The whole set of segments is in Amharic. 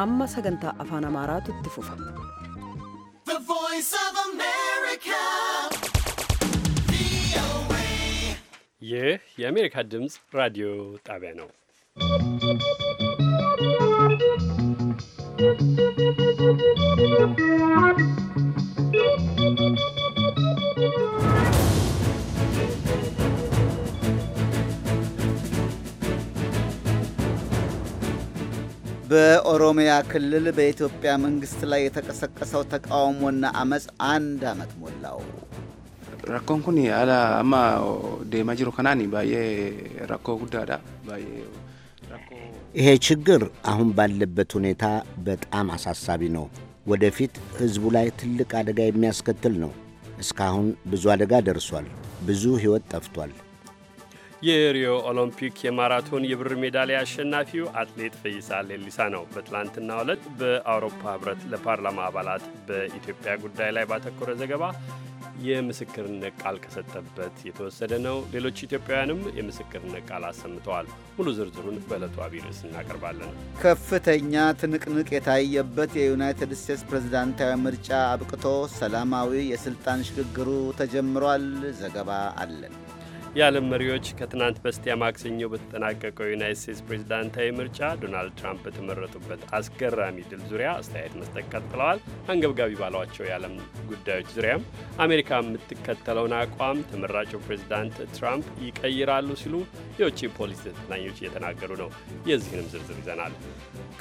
amma sagantaa afaan amaaraatu itti fufa. ይህ የአሜሪካ ድምፅ ራዲዮ ጣቢያ ነው። Thank you. በኦሮሚያ ክልል በኢትዮጵያ መንግስት ላይ የተቀሰቀሰው ተቃውሞና አመፅ አንድ አመት ሞላው። ራኮን ኩኒ አላ አማ ዴማ ከናኒ ባዬ ራኮ ጉዳዳ ባዬ ይሄ ችግር አሁን ባለበት ሁኔታ በጣም አሳሳቢ ነው። ወደፊት ህዝቡ ላይ ትልቅ አደጋ የሚያስከትል ነው። እስካሁን ብዙ አደጋ ደርሷል። ብዙ ሕይወት ጠፍቷል። የሪዮ ኦሎምፒክ የማራቶን የብር ሜዳሊያ አሸናፊው አትሌት ፈይሳ ሌሊሳ ነው። በትላንትናው ዕለት በአውሮፓ ህብረት ለፓርላማ አባላት በኢትዮጵያ ጉዳይ ላይ ባተኮረ ዘገባ የምስክርነት ቃል ከሰጠበት የተወሰደ ነው። ሌሎች ኢትዮጵያውያንም የምስክርነት ቃል አሰምተዋል። ሙሉ ዝርዝሩን በዕለቱ አቢይ ርዕስ እናቀርባለን። ከፍተኛ ትንቅንቅ የታየበት የዩናይትድ ስቴትስ ፕሬዚዳንታዊ ምርጫ አብቅቶ ሰላማዊ የስልጣን ሽግግሩ ተጀምሯል። ዘገባ አለን። የዓለም መሪዎች ከትናንት በስቲያ ማክሰኞ በተጠናቀቀው የዩናይት ስቴትስ ፕሬዚዳንታዊ ምርጫ ዶናልድ ትራምፕ በተመረጡበት አስገራሚ ድል ዙሪያ አስተያየት መስጠት ቀጥለዋል። አንገብጋቢ ባሏቸው የዓለም ጉዳዮች ዙሪያም አሜሪካ የምትከተለውን አቋም ተመራጩ ፕሬዚዳንት ትራምፕ ይቀይራሉ ሲሉ የውጭ ፖሊሲ ተንታኞች እየተናገሩ ነው። የዚህንም ዝርዝር ይዘናል።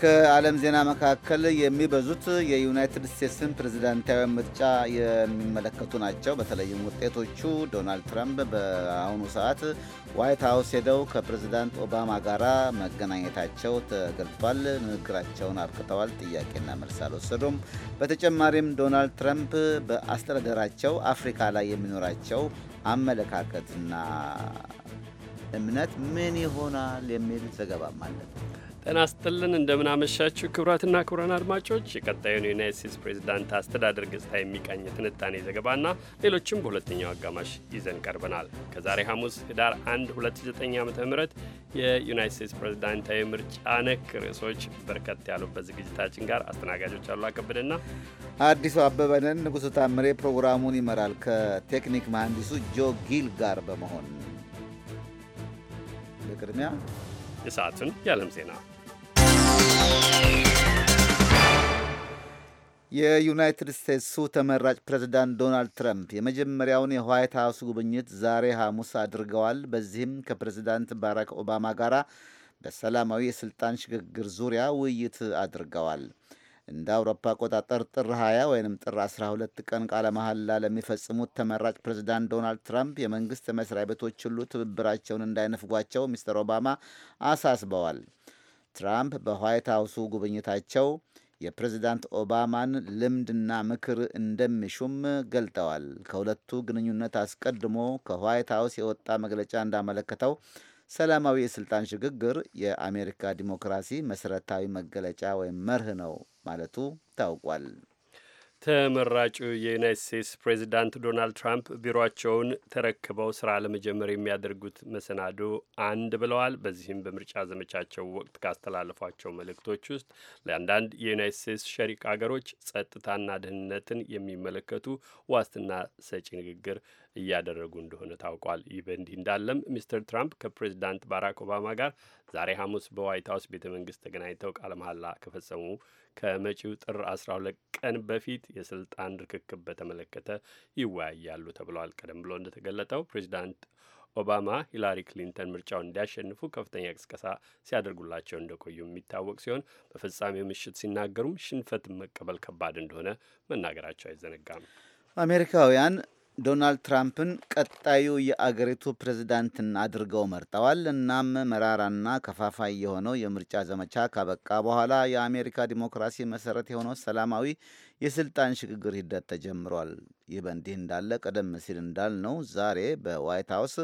ከዓለም ዜና መካከል የሚበዙት የዩናይትድ ስቴትስን ፕሬዚዳንታዊ ምርጫ የሚመለከቱ ናቸው። በተለይም ውጤቶቹ ዶናልድ ትራምፕ በአሁኑ በአሁኑ ሰዓት ዋይት ሀውስ ሄደው ከፕሬዚዳንት ኦባማ ጋር መገናኘታቸው ተገልጧል። ንግግራቸውን አብቅተዋል። ጥያቄና መልስ አልወሰዱም። በተጨማሪም ዶናልድ ትራምፕ በአስተዳደራቸው አፍሪካ ላይ የሚኖራቸው አመለካከትና እምነት ምን ይሆናል የሚል ዘገባም አለ። ጤና ይስጥልን እንደምናመሻችሁ ክቡራትና ክቡራን አድማጮች የቀጣዩን የዩናይት ስቴትስ ፕሬዚዳንት አስተዳደር ገጽታ የሚቃኝ ትንታኔ ዘገባና ሌሎችም በሁለተኛው አጋማሽ ይዘን ቀርበናል። ከዛሬ ሐሙስ ህዳር 1 2009 ዓ ም የዩናይት ስቴትስ ፕሬዚዳንታዊ ምርጫ ነክ ርዕሶች በርከት ያሉበት ዝግጅታችን ጋር አስተናጋጆች አሉ አከብድና አዲሱ አበበንን ንጉሥ ታምሬ ፕሮግራሙን ይመራል ከቴክኒክ መሐንዲሱ ጆ ጊል ጋር በመሆን በቅድሚያ የሰዓቱን የዓለም ዜና የዩናይትድ ስቴትሱ ተመራጭ ፕሬዝዳንት ዶናልድ ትራምፕ የመጀመሪያውን የዋይት ሀውስ ጉብኝት ዛሬ ሐሙስ አድርገዋል። በዚህም ከፕሬዝዳንት ባራክ ኦባማ ጋር በሰላማዊ የሥልጣን ሽግግር ዙሪያ ውይይት አድርገዋል። እንደ አውሮፓ አቆጣጠር ጥር 20 ወይም ጥር 12 ቀን ቃለ መሐላ ለሚፈጽሙት ተመራጭ ፕሬዝዳንት ዶናልድ ትራምፕ የመንግሥት መስሪያ ቤቶች ሁሉ ትብብራቸውን እንዳይነፍጓቸው ሚስተር ኦባማ አሳስበዋል። ትራምፕ በዋይት ሀውሱ ጉብኝታቸው የፕሬዚዳንት ኦባማን ልምድና ምክር እንደሚሹም ገልጠዋል። ከሁለቱ ግንኙነት አስቀድሞ ከዋይት ሀውስ የወጣ መግለጫ እንዳመለከተው ሰላማዊ የስልጣን ሽግግር የአሜሪካ ዲሞክራሲ መሰረታዊ መገለጫ ወይም መርህ ነው ማለቱ ታውቋል። ተመራጩ የዩናይት ስቴትስ ፕሬዚዳንት ዶናልድ ትራምፕ ቢሮቸውን ተረክበው ስራ ለመጀመር የሚያደርጉት መሰናዶ አንድ ብለዋል። በዚህም በምርጫ ዘመቻቸው ወቅት ካስተላለፏቸው መልእክቶች ውስጥ ለአንዳንድ የዩናይት ስቴትስ ሸሪክ አገሮች ጸጥታና ደህንነትን የሚመለከቱ ዋስትና ሰጪ ንግግር እያደረጉ እንደሆነ ታውቋል። ይህ በእንዲህ እንዳለም ሚስተር ትራምፕ ከፕሬዚዳንት ባራክ ኦባማ ጋር ዛሬ ሐሙስ በዋይት ሀውስ ቤተ መንግስት ተገናኝተው ቃለ መሐላ ከፈጸሙ ከመጪው ጥር 12 ቀን በፊት የስልጣን ርክክብ በተመለከተ ይወያያሉ ተብሏል። ቀደም ብሎ እንደተገለጠው ፕሬዚዳንት ኦባማ ሂላሪ ክሊንተን ምርጫውን እንዲያሸንፉ ከፍተኛ ቅስቀሳ ሲያደርጉላቸው እንደቆዩ የሚታወቅ ሲሆን በፍጻሜው ምሽት ሲናገሩም ሽንፈት መቀበል ከባድ እንደሆነ መናገራቸው አይዘነጋም። አሜሪካውያን ዶናልድ ትራምፕን ቀጣዩ የአገሪቱ ፕሬዝዳንትን አድርገው መርጠዋል። እናም መራራና ከፋፋይ የሆነው የምርጫ ዘመቻ ካበቃ በኋላ የአሜሪካ ዲሞክራሲ መሰረት የሆነው ሰላማዊ የስልጣን ሽግግር ሂደት ተጀምሯል። ይህ በእንዲህ እንዳለ ቀደም ሲል እንዳልነው ዛሬ በዋይት ሀውስ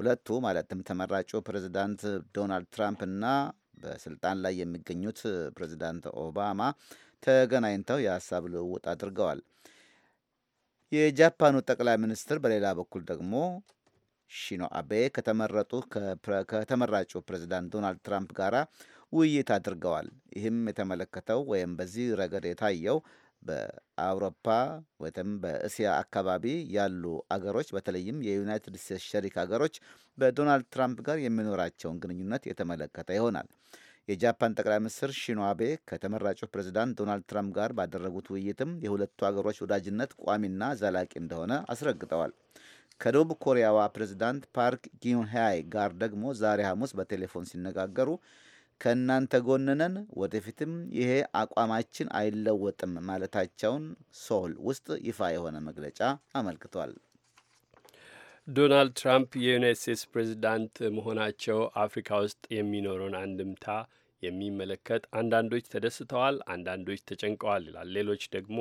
ሁለቱ ማለትም ተመራጩ ፕሬዝዳንት ዶናልድ ትራምፕ እና በስልጣን ላይ የሚገኙት ፕሬዝዳንት ኦባማ ተገናኝተው የሀሳብ ልውውጥ አድርገዋል። የጃፓኑ ጠቅላይ ሚኒስትር በሌላ በኩል ደግሞ ሺኖ አቤ ከተመረጡ ከተመራጩ ፕሬዚዳንት ዶናልድ ትራምፕ ጋር ውይይት አድርገዋል። ይህም የተመለከተው ወይም በዚህ ረገድ የታየው በአውሮፓ ወይም በእስያ አካባቢ ያሉ አገሮች በተለይም የዩናይትድ ስቴትስ ሸሪክ አገሮች በዶናልድ ትራምፕ ጋር የሚኖራቸውን ግንኙነት የተመለከተ ይሆናል። የጃፓን ጠቅላይ ሚኒስትር ሺኖ አቤ ከተመራጩ ፕሬዚዳንት ዶናልድ ትራምፕ ጋር ባደረጉት ውይይትም የሁለቱ አገሮች ወዳጅነት ቋሚና ዘላቂ እንደሆነ አስረግጠዋል። ከደቡብ ኮሪያዋ ፕሬዚዳንት ፓርክ ጊንሃይ ጋር ደግሞ ዛሬ ሐሙስ በቴሌፎን ሲነጋገሩ ከእናንተ ጎንነን ወደፊትም ይሄ አቋማችን አይለወጥም ማለታቸውን ሶል ውስጥ ይፋ የሆነ መግለጫ አመልክቷል። ዶናልድ ትራምፕ የዩናይት ስቴትስ ፕሬዚዳንት መሆናቸው አፍሪካ ውስጥ የሚኖረውን አንድምታ የሚመለከት አንዳንዶች ተደስተዋል፣ አንዳንዶች ተጨንቀዋል ይላል። ሌሎች ደግሞ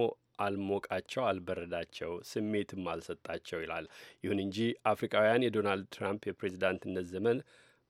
አልሞቃቸው፣ አልበረዳቸው፣ ስሜትም አልሰጣቸው ይላል። ይሁን እንጂ አፍሪካውያን የዶናልድ ትራምፕ የፕሬዚዳንትነት ዘመን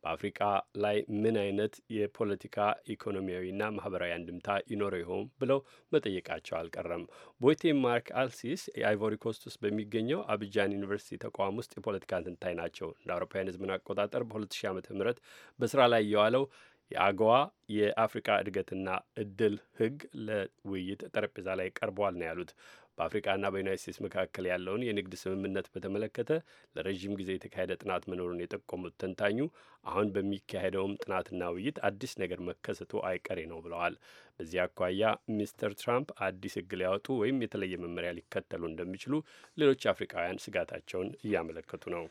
በአፍሪቃ ላይ ምን አይነት የፖለቲካ ኢኮኖሚያዊና ማህበራዊ አንድምታ ይኖረው ይሆን ብለው መጠየቃቸው አልቀረም። ቦይቴ ማርክ አልሲስ የአይቮሪኮስት ውስጥ በሚገኘው አብጃን ዩኒቨርሲቲ ተቋም ውስጥ የፖለቲካ ትንታኝ ናቸው። እንደ አውሮፓውያን ህዝብን አቆጣጠር በ2000 ዓ ም በስራ ላይ የዋለው የአገዋ የአፍሪካ እድገትና እድል ህግ ለውይይት ጠረጴዛ ላይ ቀርቧል ነው ያሉት። በአፍሪቃና በዩናይት ስቴትስ መካከል ያለውን የንግድ ስምምነት በተመለከተ ለረዥም ጊዜ የተካሄደ ጥናት መኖሩን የጠቆሙት ተንታኙ አሁን በሚካሄደውም ጥናትና ውይይት አዲስ ነገር መከሰቱ አይቀሬ ነው ብለዋል። በዚህ አኳያ ሚስተር ትራምፕ አዲስ ሕግ ሊያወጡ ወይም የተለየ መመሪያ ሊከተሉ እንደሚችሉ ሌሎች አፍሪቃውያን ስጋታቸውን እያመለከቱ ነው።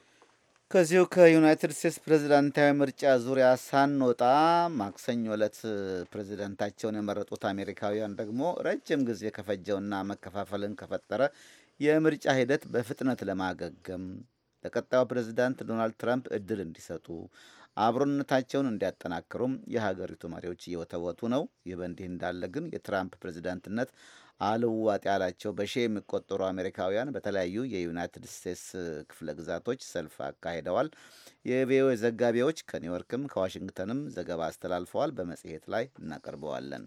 ከዚሁ ከዩናይትድ ስቴትስ ፕሬዚዳንታዊ ምርጫ ዙሪያ ሳንወጣ ማክሰኞ ዕለት ፕሬዚዳንታቸውን የመረጡት አሜሪካውያን ደግሞ ረጅም ጊዜ ከፈጀውና መከፋፈልን ከፈጠረ የምርጫ ሂደት በፍጥነት ለማገገም ለቀጣዩ ፕሬዚዳንት ዶናልድ ትራምፕ እድል እንዲሰጡ አብሮነታቸውን እንዲያጠናክሩም የሀገሪቱ መሪዎች እየወተወቱ ነው። ይህ በእንዲህ እንዳለ ግን የትራምፕ ፕሬዚዳንትነት አልዋጥ ያላቸው በሺ የሚቆጠሩ አሜሪካውያን በተለያዩ የዩናይትድ ስቴትስ ክፍለ ግዛቶች ሰልፍ አካሂደዋል። የቪኦኤ ዘጋቢዎች ከኒውዮርክም ከዋሽንግተንም ዘገባ አስተላልፈዋል። በመጽሔት ላይ እናቀርበዋለን።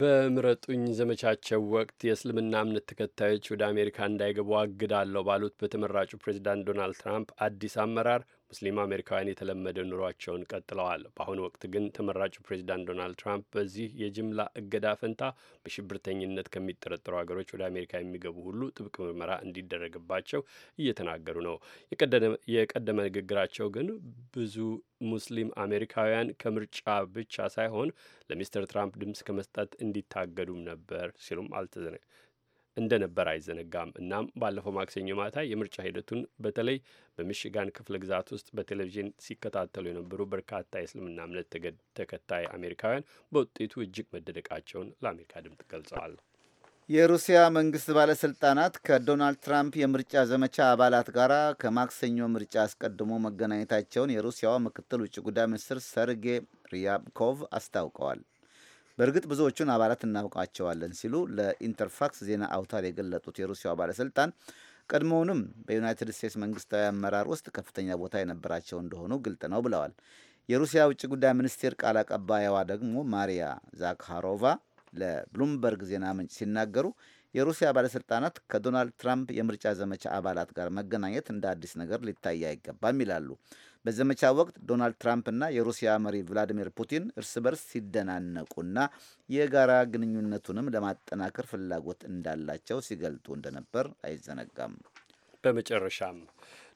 በምረጡኝ ዘመቻቸው ወቅት የእስልምና እምነት ተከታዮች ወደ አሜሪካ እንዳይገቡ አግዳለሁ ባሉት በተመራጩ ፕሬዚዳንት ዶናልድ ትራምፕ አዲስ አመራር ሙስሊም አሜሪካውያን የተለመደ ኑሯቸውን ቀጥለዋል። በአሁኑ ወቅት ግን ተመራጩ ፕሬዚዳንት ዶናልድ ትራምፕ በዚህ የጅምላ እገዳ ፈንታ በሽብርተኝነት ከሚጠረጠሩ ሀገሮች ወደ አሜሪካ የሚገቡ ሁሉ ጥብቅ ምርመራ እንዲደረግባቸው እየተናገሩ ነው። የቀደመ ንግግራቸው ግን ብዙ ሙስሊም አሜሪካውያን ከምርጫ ብቻ ሳይሆን ለሚስተር ትራምፕ ድምፅ ከመስጠት እንዲታገዱም ነበር ሲሉም አልተዘነ። እንደነበር አይዘነጋም። እናም ባለፈው ማክሰኞ ማታ የምርጫ ሂደቱን በተለይ በሚሽጋን ክፍለ ግዛት ውስጥ በቴሌቪዥን ሲከታተሉ የነበሩ በርካታ የእስልምና እምነት ተከታይ አሜሪካውያን በውጤቱ እጅግ መደደቃቸውን ለአሜሪካ ድምፅ ገልጸዋል። የሩሲያ መንግስት ባለስልጣናት ከዶናልድ ትራምፕ የምርጫ ዘመቻ አባላት ጋር ከማክሰኞ ምርጫ አስቀድሞ መገናኘታቸውን የሩሲያዋ ምክትል ውጭ ጉዳይ ሚኒስትር ሰርጌ ሪያብኮቭ አስታውቀዋል። በእርግጥ ብዙዎቹን አባላት እናውቃቸዋለን ሲሉ ለኢንተርፋክስ ዜና አውታር የገለጡት የሩሲያው ባለስልጣን ቀድሞውንም በዩናይትድ ስቴትስ መንግስታዊ አመራር ውስጥ ከፍተኛ ቦታ የነበራቸው እንደሆኑ ግልጥ ነው ብለዋል። የሩሲያ ውጭ ጉዳይ ሚኒስቴር ቃል አቀባይዋ ደግሞ ማሪያ ዛካሮቫ ለብሉምበርግ ዜና ምንጭ ሲናገሩ የሩሲያ ባለስልጣናት ከዶናልድ ትራምፕ የምርጫ ዘመቻ አባላት ጋር መገናኘት እንደ አዲስ ነገር ሊታይ አይገባም ይላሉ። በዘመቻ ወቅት ዶናልድ ትራምፕና የሩሲያ መሪ ቭላዲሚር ፑቲን እርስ በርስ ሲደናነቁና የጋራ ግንኙነቱንም ለማጠናከር ፍላጎት እንዳላቸው ሲገልጡ እንደነበር አይዘነጋም። በመጨረሻም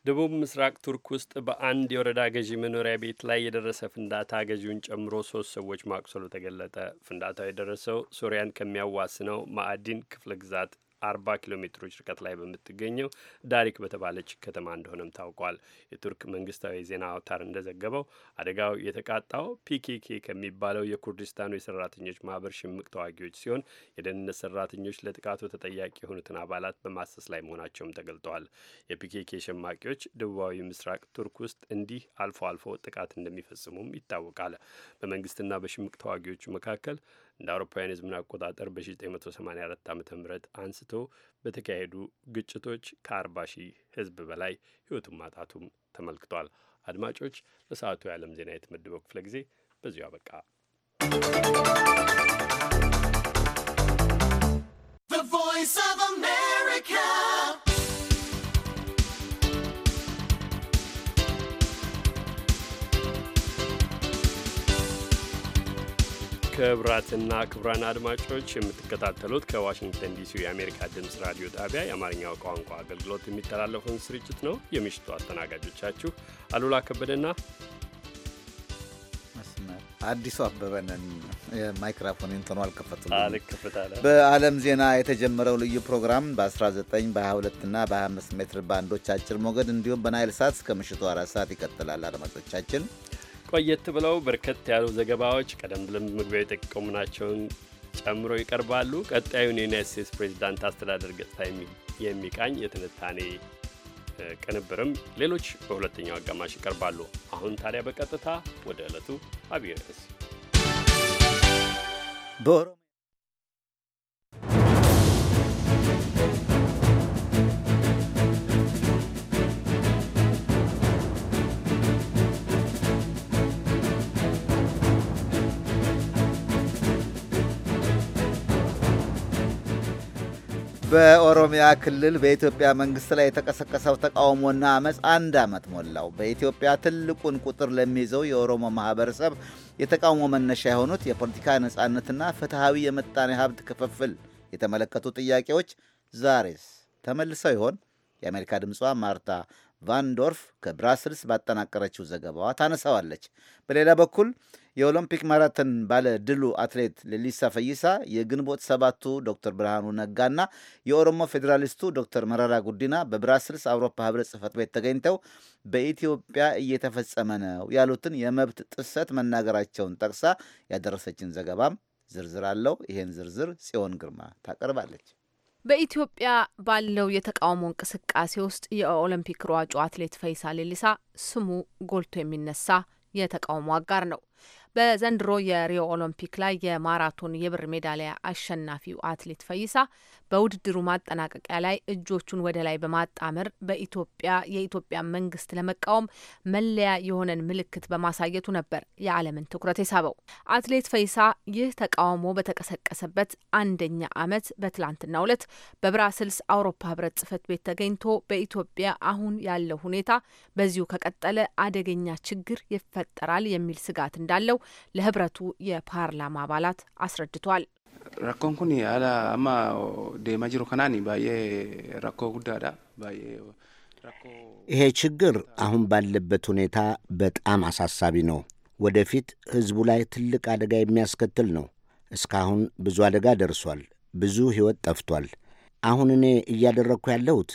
ደቡብ ምስራቅ ቱርክ ውስጥ በአንድ የወረዳ ገዢ መኖሪያ ቤት ላይ የደረሰ ፍንዳታ ገዢውን ጨምሮ ሶስት ሰዎች ማቁሰሉ ተገለጠ። ፍንዳታው የደረሰው ሶሪያን ከሚያዋስነው ማዕዲን ክፍለ ግዛት አርባ ኪሎ ሜትሮች ርቀት ላይ በምትገኘው ዳሪክ በተባለች ከተማ እንደሆነም ታውቋል። የቱርክ መንግስታዊ ዜና አውታር እንደዘገበው አደጋው የተቃጣው ፒኬኬ ከሚባለው የኩርዲስታኑ የሰራተኞች ማህበር ሽምቅ ተዋጊዎች ሲሆን የደህንነት ሰራተኞች ለጥቃቱ ተጠያቂ የሆኑትን አባላት በማሰስ ላይ መሆናቸውም ተገልጠዋል። የፒኬኬ ሸማቂዎች ደቡባዊ ምስራቅ ቱርክ ውስጥ እንዲህ አልፎ አልፎ ጥቃት እንደሚፈጽሙም ይታወቃል። በመንግስትና በሽምቅ ተዋጊዎቹ መካከል እንደ አውሮፓውያን የዘመን አቆጣጠር በ1984 ዓ ም አንስቶ በተካሄዱ ግጭቶች ከ40 ሺህ ህዝብ በላይ ህይወቱን ማጣቱም ተመልክቷል። አድማጮች፣ ለሰዓቱ የዓለም ዜና የተመደበው ክፍለ ጊዜ በዚሁ አበቃ። ቮይስ ኦፍ አሜሪካ ክብራትና ክብራን አድማጮች የምትከታተሉት ከዋሽንግተን ዲሲ የአሜሪካ ድምፅ ራዲዮ ጣቢያ የአማርኛው ቋንቋ አገልግሎት የሚተላለፈውን ስርጭት ነው። የምሽቱ አስተናጋጆቻችሁ አሉላ ከበደና አዲሱ አበበንን። ማይክራፎን እንትኑ አልከፈትም በዓለም ዜና የተጀመረው ልዩ ፕሮግራም በ19 በ22ና በ25 ሜትር ባንዶች አጭር ሞገድ እንዲሁም በናይል ሳት እስከ ምሽቱ አራት ሰዓት ይቀጥላል። አድማጮቻችን ቆየት ብለው በርከት ያሉ ዘገባዎች ቀደም ብለን መግቢያ ናቸውን ጨምሮ ይቀርባሉ። ቀጣዩን የዩናይት ስቴትስ ፕሬዚዳንት አስተዳደር ገጽታ የሚቃኝ የትንታኔ ቅንብርም ሌሎች በሁለተኛው አጋማሽ ይቀርባሉ። አሁን ታዲያ በቀጥታ ወደ ዕለቱ አብይ ርዕስ በኦሮሚያ ክልል በኢትዮጵያ መንግስት ላይ የተቀሰቀሰው ተቃውሞና አመፅ አንድ ዓመት ሞላው። በኢትዮጵያ ትልቁን ቁጥር ለሚይዘው የኦሮሞ ማህበረሰብ የተቃውሞ መነሻ የሆኑት የፖለቲካ ነጻነትና ፍትሐዊ የምጣኔ ሀብት ክፍፍል የተመለከቱ ጥያቄዎች ዛሬስ ተመልሰው ይሆን? የአሜሪካ ድምጿ ማርታ ቫንዶርፍ ከብራስልስ ባጠናቀረችው ዘገባዋ ታነሳዋለች። በሌላ በኩል የኦሎምፒክ ማራቶን ባለ ድሉ አትሌት ሌሊሳ ፈይሳ፣ የግንቦት ሰባቱ ዶክተር ብርሃኑ ነጋና የኦሮሞ ፌዴራሊስቱ ዶክተር መረራ ጉዲና በብራስልስ አውሮፓ ህብረት ጽህፈት ቤት ተገኝተው በኢትዮጵያ እየተፈጸመ ነው ያሉትን የመብት ጥሰት መናገራቸውን ጠቅሳ ያደረሰችን ዘገባም ዝርዝር አለው። ይሄን ዝርዝር ጽዮን ግርማ ታቀርባለች። በኢትዮጵያ ባለው የተቃውሞ እንቅስቃሴ ውስጥ የኦሎምፒክ ሯጩ አትሌት ፈይሳ ሌሊሳ ስሙ ጎልቶ የሚነሳ የተቃውሞ አጋር ነው። በዘንድሮ የሪዮ ኦሎምፒክ ላይ የማራቶን የብር ሜዳሊያ አሸናፊው አትሌት ፈይሳ በውድድሩ ማጠናቀቂያ ላይ እጆቹን ወደ ላይ በማጣመር በኢትዮጵያ የኢትዮጵያ መንግስት ለመቃወም መለያ የሆነን ምልክት በማሳየቱ ነበር የዓለምን ትኩረት የሳበው። አትሌት ፈይሳ ይህ ተቃውሞ በተቀሰቀሰበት አንደኛ ዓመት በትላንትናው ዕለት በብራስልስ አውሮፓ ህብረት ጽህፈት ቤት ተገኝቶ በኢትዮጵያ አሁን ያለው ሁኔታ በዚሁ ከቀጠለ አደገኛ ችግር ይፈጠራል የሚል ስጋት እንዳለው ለህብረቱ የፓርላማ አባላት አስረድቷል። ረኮንኩኒ አላ አማ ዴማ ከናኒ ባዬ ረኮ ጉዳዳ ባዬ ይሄ ችግር አሁን ባለበት ሁኔታ በጣም አሳሳቢ ነው። ወደፊት ህዝቡ ላይ ትልቅ አደጋ የሚያስከትል ነው። እስካሁን ብዙ አደጋ ደርሷል። ብዙ ሕይወት ጠፍቷል። አሁን እኔ እያደረግኩ ያለሁት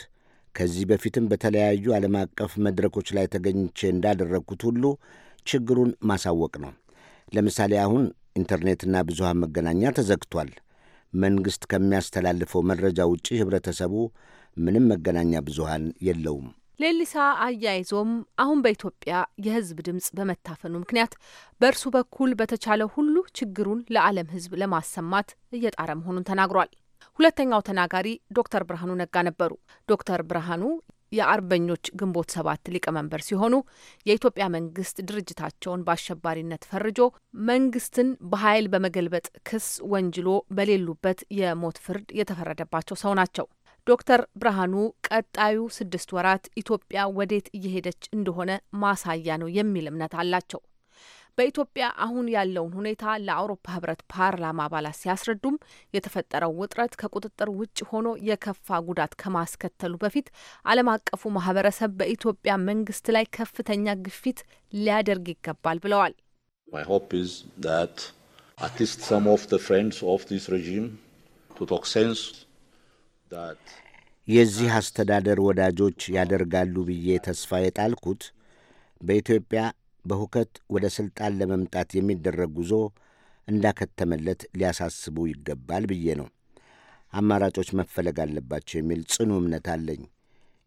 ከዚህ በፊትም በተለያዩ ዓለም አቀፍ መድረኮች ላይ ተገኝቼ እንዳደረግኩት ሁሉ ችግሩን ማሳወቅ ነው። ለምሳሌ አሁን ኢንተርኔትና ብዙሃን መገናኛ ተዘግቷል። መንግሥት ከሚያስተላልፈው መረጃ ውጪ ህብረተሰቡ ምንም መገናኛ ብዙሃን የለውም። ሌሊሳ አያይዞም አሁን በኢትዮጵያ የህዝብ ድምፅ በመታፈኑ ምክንያት በእርሱ በኩል በተቻለ ሁሉ ችግሩን ለዓለም ህዝብ ለማሰማት እየጣረ መሆኑን ተናግሯል። ሁለተኛው ተናጋሪ ዶክተር ብርሃኑ ነጋ ነበሩ። ዶክተር ብርሃኑ የአርበኞች ግንቦት ሰባት ሊቀመንበር ሲሆኑ የኢትዮጵያ መንግስት ድርጅታቸውን በአሸባሪነት ፈርጆ መንግስትን በኃይል በመገልበጥ ክስ ወንጅሎ በሌሉበት የሞት ፍርድ የተፈረደባቸው ሰው ናቸው። ዶክተር ብርሃኑ ቀጣዩ ስድስት ወራት ኢትዮጵያ ወዴት እየሄደች እንደሆነ ማሳያ ነው የሚል እምነት አላቸው። በኢትዮጵያ አሁን ያለውን ሁኔታ ለአውሮፓ ህብረት ፓርላማ አባላት ሲያስረዱም የተፈጠረው ውጥረት ከቁጥጥር ውጭ ሆኖ የከፋ ጉዳት ከማስከተሉ በፊት ዓለም አቀፉ ማህበረሰብ በኢትዮጵያ መንግስት ላይ ከፍተኛ ግፊት ሊያደርግ ይገባል ብለዋል። የዚህ አስተዳደር ወዳጆች ያደርጋሉ ብዬ ተስፋ የጣልኩት በኢትዮጵያ በሁከት ወደ ሥልጣን ለመምጣት የሚደረግ ጉዞ እንዳከተመለት ሊያሳስቡ ይገባል ብዬ ነው። አማራጮች መፈለግ አለባቸው የሚል ጽኑ እምነት አለኝ።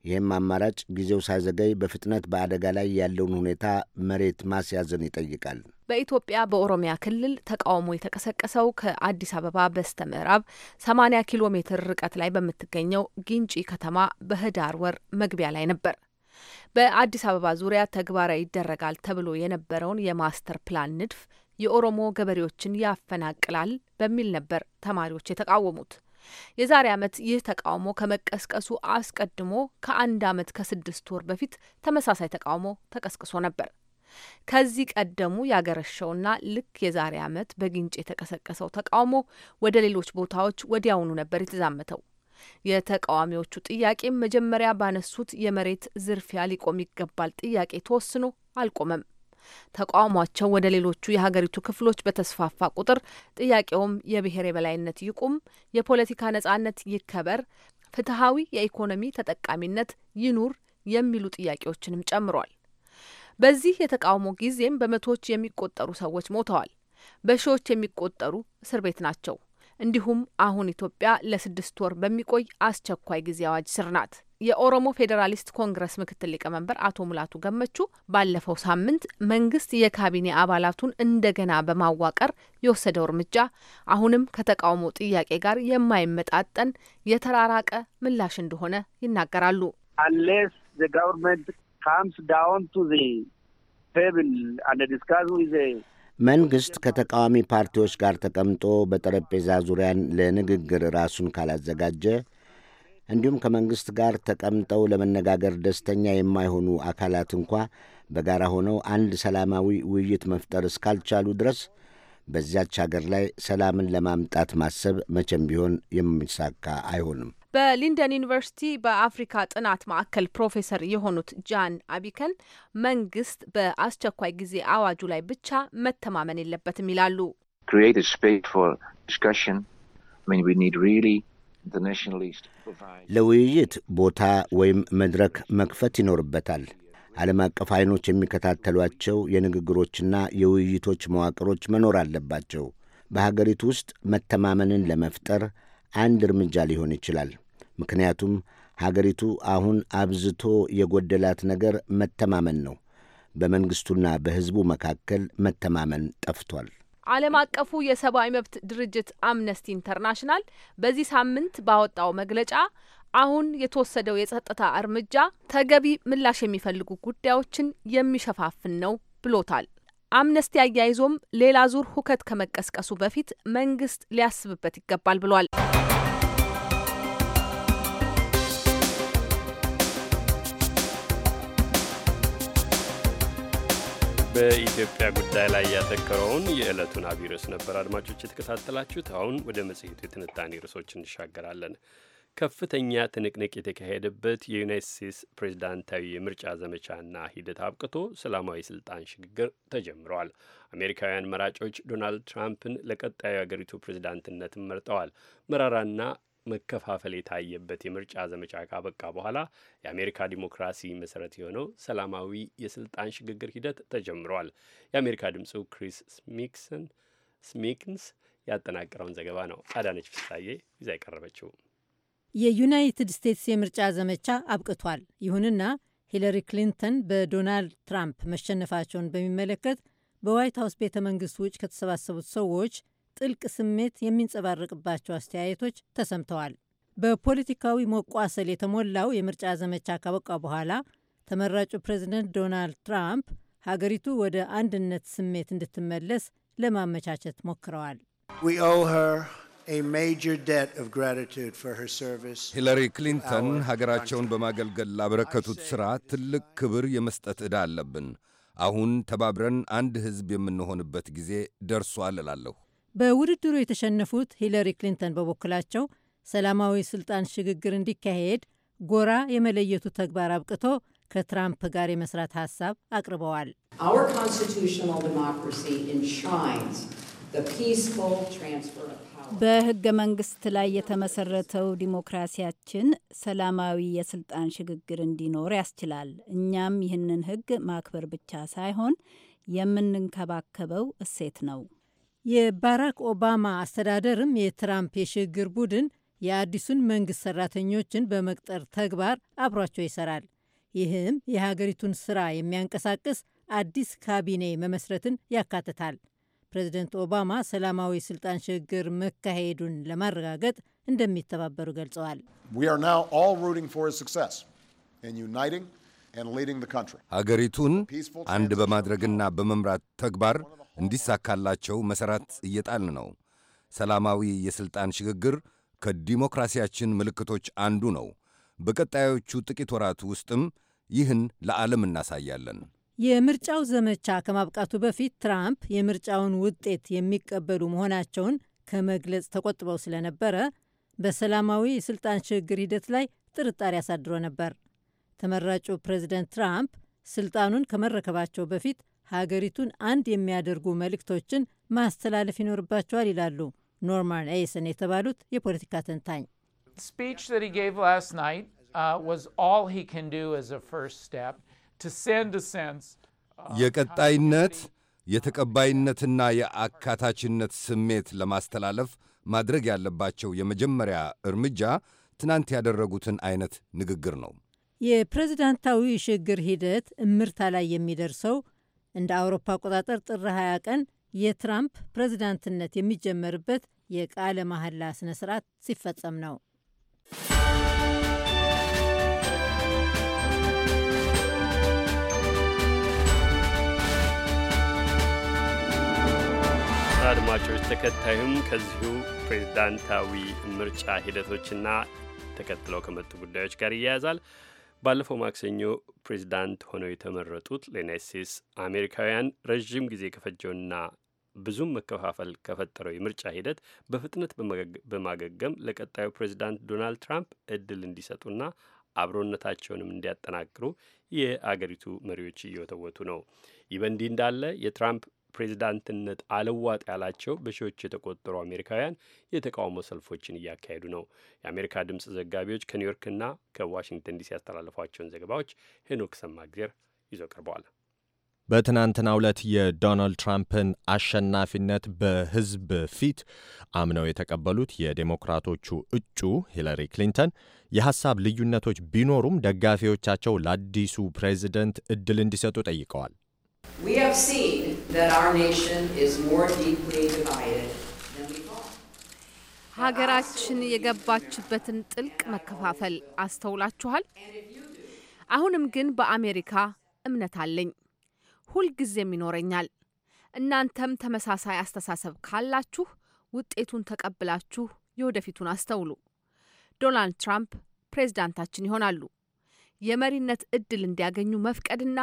ይህም አማራጭ ጊዜው ሳይዘገይ በፍጥነት በአደጋ ላይ ያለውን ሁኔታ መሬት ማስያዝን ይጠይቃል። በኢትዮጵያ በኦሮሚያ ክልል ተቃውሞ የተቀሰቀሰው ከአዲስ አበባ በስተ ምዕራብ 80 ኪሎ ሜትር ርቀት ላይ በምትገኘው ጊንጪ ከተማ በህዳር ወር መግቢያ ላይ ነበር። በአዲስ አበባ ዙሪያ ተግባራዊ ይደረጋል ተብሎ የነበረውን የማስተር ፕላን ንድፍ የኦሮሞ ገበሬዎችን ያፈናቅላል በሚል ነበር ተማሪዎች የተቃወሙት። የዛሬ ዓመት ይህ ተቃውሞ ከመቀስቀሱ አስቀድሞ ከአንድ ዓመት ከስድስት ወር በፊት ተመሳሳይ ተቃውሞ ተቀስቅሶ ነበር። ከዚህ ቀደሙ ያገረሸውና ልክ የዛሬ ዓመት በግንጭ የተቀሰቀሰው ተቃውሞ ወደ ሌሎች ቦታዎች ወዲያውኑ ነበር የተዛመተው። የተቃዋሚዎቹ ጥያቄም መጀመሪያ ባነሱት የመሬት ዝርፊያ ሊቆም ይገባል ጥያቄ ተወስኖ አልቆመም። ተቃውሟቸው ወደ ሌሎቹ የሀገሪቱ ክፍሎች በተስፋፋ ቁጥር ጥያቄውም የብሔር የበላይነት ይቁም፣ የፖለቲካ ነጻነት ይከበር፣ ፍትሐዊ የኢኮኖሚ ተጠቃሚነት ይኑር የሚሉ ጥያቄዎችንም ጨምሯል። በዚህ የተቃውሞ ጊዜም በመቶዎች የሚቆጠሩ ሰዎች ሞተዋል። በሺዎች የሚቆጠሩ እስር ቤት ናቸው። እንዲሁም አሁን ኢትዮጵያ ለስድስት ወር በሚቆይ አስቸኳይ ጊዜ አዋጅ ስር ናት። የኦሮሞ ፌዴራሊስት ኮንግረስ ምክትል ሊቀመንበር አቶ ሙላቱ ገመቹ ባለፈው ሳምንት መንግስት የካቢኔ አባላቱን እንደገና በማዋቀር የወሰደው እርምጃ አሁንም ከተቃውሞ ጥያቄ ጋር የማይመጣጠን የተራራቀ ምላሽ እንደሆነ ይናገራሉ። አንሌስ ዘ ገቨርንመንት ካምስ ዳውን ቱ ዘ ቴብል አንድ ዲስካስ ዊዝ መንግሥት ከተቃዋሚ ፓርቲዎች ጋር ተቀምጦ በጠረጴዛ ዙሪያን ለንግግር ራሱን ካላዘጋጀ እንዲሁም ከመንግሥት ጋር ተቀምጠው ለመነጋገር ደስተኛ የማይሆኑ አካላት እንኳ በጋራ ሆነው አንድ ሰላማዊ ውይይት መፍጠር እስካልቻሉ ድረስ በዚያች አገር ላይ ሰላምን ለማምጣት ማሰብ መቼም ቢሆን የሚሳካ አይሆንም። በሊንደን ዩኒቨርሲቲ በአፍሪካ ጥናት ማዕከል ፕሮፌሰር የሆኑት ጃን አቢከን መንግስት በአስቸኳይ ጊዜ አዋጁ ላይ ብቻ መተማመን የለበትም ይላሉ። ለውይይት ቦታ ወይም መድረክ መክፈት ይኖርበታል። ዓለም አቀፍ አይኖች የሚከታተሏቸው የንግግሮችና የውይይቶች መዋቅሮች መኖር አለባቸው። በሀገሪቱ ውስጥ መተማመንን ለመፍጠር አንድ እርምጃ ሊሆን ይችላል። ምክንያቱም ሀገሪቱ አሁን አብዝቶ የጎደላት ነገር መተማመን ነው። በመንግስቱና በሕዝቡ መካከል መተማመን ጠፍቷል። ዓለም አቀፉ የሰብአዊ መብት ድርጅት አምነስቲ ኢንተርናሽናል በዚህ ሳምንት ባወጣው መግለጫ አሁን የተወሰደው የጸጥታ እርምጃ ተገቢ ምላሽ የሚፈልጉ ጉዳዮችን የሚሸፋፍን ነው ብሎታል። አምነስቲ አያይዞም ሌላ ዙር ሁከት ከመቀስቀሱ በፊት መንግስት ሊያስብበት ይገባል ብሏል። በኢትዮጵያ ጉዳይ ላይ ያተከረውን የዕለቱን አብይ ርዕስ ነበር አድማጮች የተከታተላችሁት። አሁን ወደ መጽሔቱ የትንታኔ ርዕሶች እንሻገራለን። ከፍተኛ ትንቅንቅ የተካሄደበት የዩናይት ስቴትስ ፕሬዚዳንታዊ የምርጫ ዘመቻና ሂደት አብቅቶ ሰላማዊ ስልጣን ሽግግር ተጀምረዋል። አሜሪካውያን መራጮች ዶናልድ ትራምፕን ለቀጣዩ አገሪቱ ፕሬዚዳንትነት መርጠዋል። መራራና መከፋፈል የታየበት የምርጫ ዘመቻ ካበቃ በኋላ የአሜሪካ ዲሞክራሲ መሰረት የሆነው ሰላማዊ የስልጣን ሽግግር ሂደት ተጀምሯል። የአሜሪካ ድምፁ ክሪስ ስሚክስን ስሚክንስ ያጠናቀረውን ዘገባ ነው አዳነች ፍሳዬ ይዛ የቀረበችው። የዩናይትድ ስቴትስ የምርጫ ዘመቻ አብቅቷል። ይሁንና ሂለሪ ክሊንተን በዶናልድ ትራምፕ መሸነፋቸውን በሚመለከት በዋይት ሀውስ ቤተ መንግስት ውጭ ከተሰባሰቡት ሰዎች ጥልቅ ስሜት የሚንጸባረቅባቸው አስተያየቶች ተሰምተዋል። በፖለቲካዊ መቋሰል የተሞላው የምርጫ ዘመቻ ካበቃ በኋላ ተመራጩ ፕሬዚደንት ዶናልድ ትራምፕ ሀገሪቱ ወደ አንድነት ስሜት እንድትመለስ ለማመቻቸት ሞክረዋል። ሂለሪ ክሊንተን ሀገራቸውን በማገልገል ላበረከቱት ሥራ ትልቅ ክብር የመስጠት ዕዳ አለብን። አሁን ተባብረን አንድ ሕዝብ የምንሆንበት ጊዜ ደርሷል እላለሁ። በውድድሩ የተሸነፉት ሂለሪ ክሊንተን በበኩላቸው ሰላማዊ ስልጣን ሽግግር እንዲካሄድ ጎራ የመለየቱ ተግባር አብቅቶ ከትራምፕ ጋር የመስራት ሀሳብ አቅርበዋል። በህገ መንግስት ላይ የተመሰረተው ዲሞክራሲያችን ሰላማዊ የስልጣን ሽግግር እንዲኖር ያስችላል። እኛም ይህንን ህግ ማክበር ብቻ ሳይሆን የምንንከባከበው እሴት ነው። የባራክ ኦባማ አስተዳደርም የትራምፕ የሽግግር ቡድን የአዲሱን መንግስት ሰራተኞችን በመቅጠር ተግባር አብሯቸው ይሰራል። ይህም የሀገሪቱን ስራ የሚያንቀሳቅስ አዲስ ካቢኔ መመስረትን ያካትታል። ፕሬዚደንት ኦባማ ሰላማዊ ስልጣን ሽግግር መካሄዱን ለማረጋገጥ እንደሚተባበሩ ገልጸዋል። ሀገሪቱን አንድ በማድረግና በመምራት ተግባር እንዲሳካላቸው መሠራት እየጣልን ነው። ሰላማዊ የሥልጣን ሽግግር ከዲሞክራሲያችን ምልክቶች አንዱ ነው። በቀጣዮቹ ጥቂት ወራት ውስጥም ይህን ለዓለም እናሳያለን። የምርጫው ዘመቻ ከማብቃቱ በፊት ትራምፕ የምርጫውን ውጤት የሚቀበሉ መሆናቸውን ከመግለጽ ተቆጥበው ስለነበረ በሰላማዊ የሥልጣን ሽግግር ሂደት ላይ ጥርጣሬ አሳድሮ ነበር። ተመራጩ ፕሬዚደንት ትራምፕ ስልጣኑን ከመረከባቸው በፊት ሀገሪቱን አንድ የሚያደርጉ መልእክቶችን ማስተላለፍ ይኖርባቸዋል ይላሉ ኖርማን ኤይሰን የተባሉት የፖለቲካ ተንታኝ። uh, የቀጣይነት የተቀባይነትና የአካታችነት ስሜት ለማስተላለፍ ማድረግ ያለባቸው የመጀመሪያ እርምጃ ትናንት ያደረጉትን አይነት ንግግር ነው። የፕሬዝዳንታዊ ሽግግር ሂደት እምርታ ላይ የሚደርሰው እንደ አውሮፓ አቆጣጠር ጥር 20 ቀን የትራምፕ ፕሬዚዳንትነት የሚጀመርበት የቃለ መሐላ ስነ ስርዓት ሲፈጸም ነው። አድማጮች፣ ተከታዩም ከዚሁ ፕሬዝዳንታዊ ምርጫ ሂደቶችና ተከትለው ከመጡ ጉዳዮች ጋር ይያያዛል። ባለፈው ማክሰኞ ፕሬዚዳንት ሆነው የተመረጡት ለዩናይት አሜሪካውያን ረዥም ጊዜ ከፈጀውና ብዙም መከፋፈል ከፈጠረው የምርጫ ሂደት በፍጥነት በማገገም ለቀጣዩ ፕሬዚዳንት ዶናልድ ትራምፕ እድል እንዲሰጡና አብሮነታቸውንም እንዲያጠናክሩ የአገሪቱ መሪዎች እየወተወቱ ነው። ይህ በእንዲህ እንዳለ የትራምፕ ፕሬዚዳንትነት አልዋጥ ያላቸው በሺዎች የተቆጠሩ አሜሪካውያን የተቃውሞ ሰልፎችን እያካሄዱ ነው። የአሜሪካ ድምፅ ዘጋቢዎች ከኒውዮርክና ከዋሽንግተን ዲሲ ያስተላለፏቸውን ዘገባዎች ሄኖክ ሰማግዜር ይዞ ቀርበዋል። በትናንትና ዕለት የዶናልድ ትራምፕን አሸናፊነት በሕዝብ ፊት አምነው የተቀበሉት የዴሞክራቶቹ እጩ ሂለሪ ክሊንተን የሐሳብ ልዩነቶች ቢኖሩም ደጋፊዎቻቸው ለአዲሱ ፕሬዚደንት ዕድል እንዲሰጡ ጠይቀዋል። that our nation is more deeply divided ሀገራችን የገባችበትን ጥልቅ መከፋፈል አስተውላችኋል። አሁንም ግን በአሜሪካ እምነት አለኝ፣ ሁልጊዜም ይኖረኛል። እናንተም ተመሳሳይ አስተሳሰብ ካላችሁ ውጤቱን ተቀብላችሁ የወደፊቱን አስተውሉ። ዶናልድ ትራምፕ ፕሬዝዳንታችን ይሆናሉ። የመሪነት እድል እንዲያገኙ መፍቀድና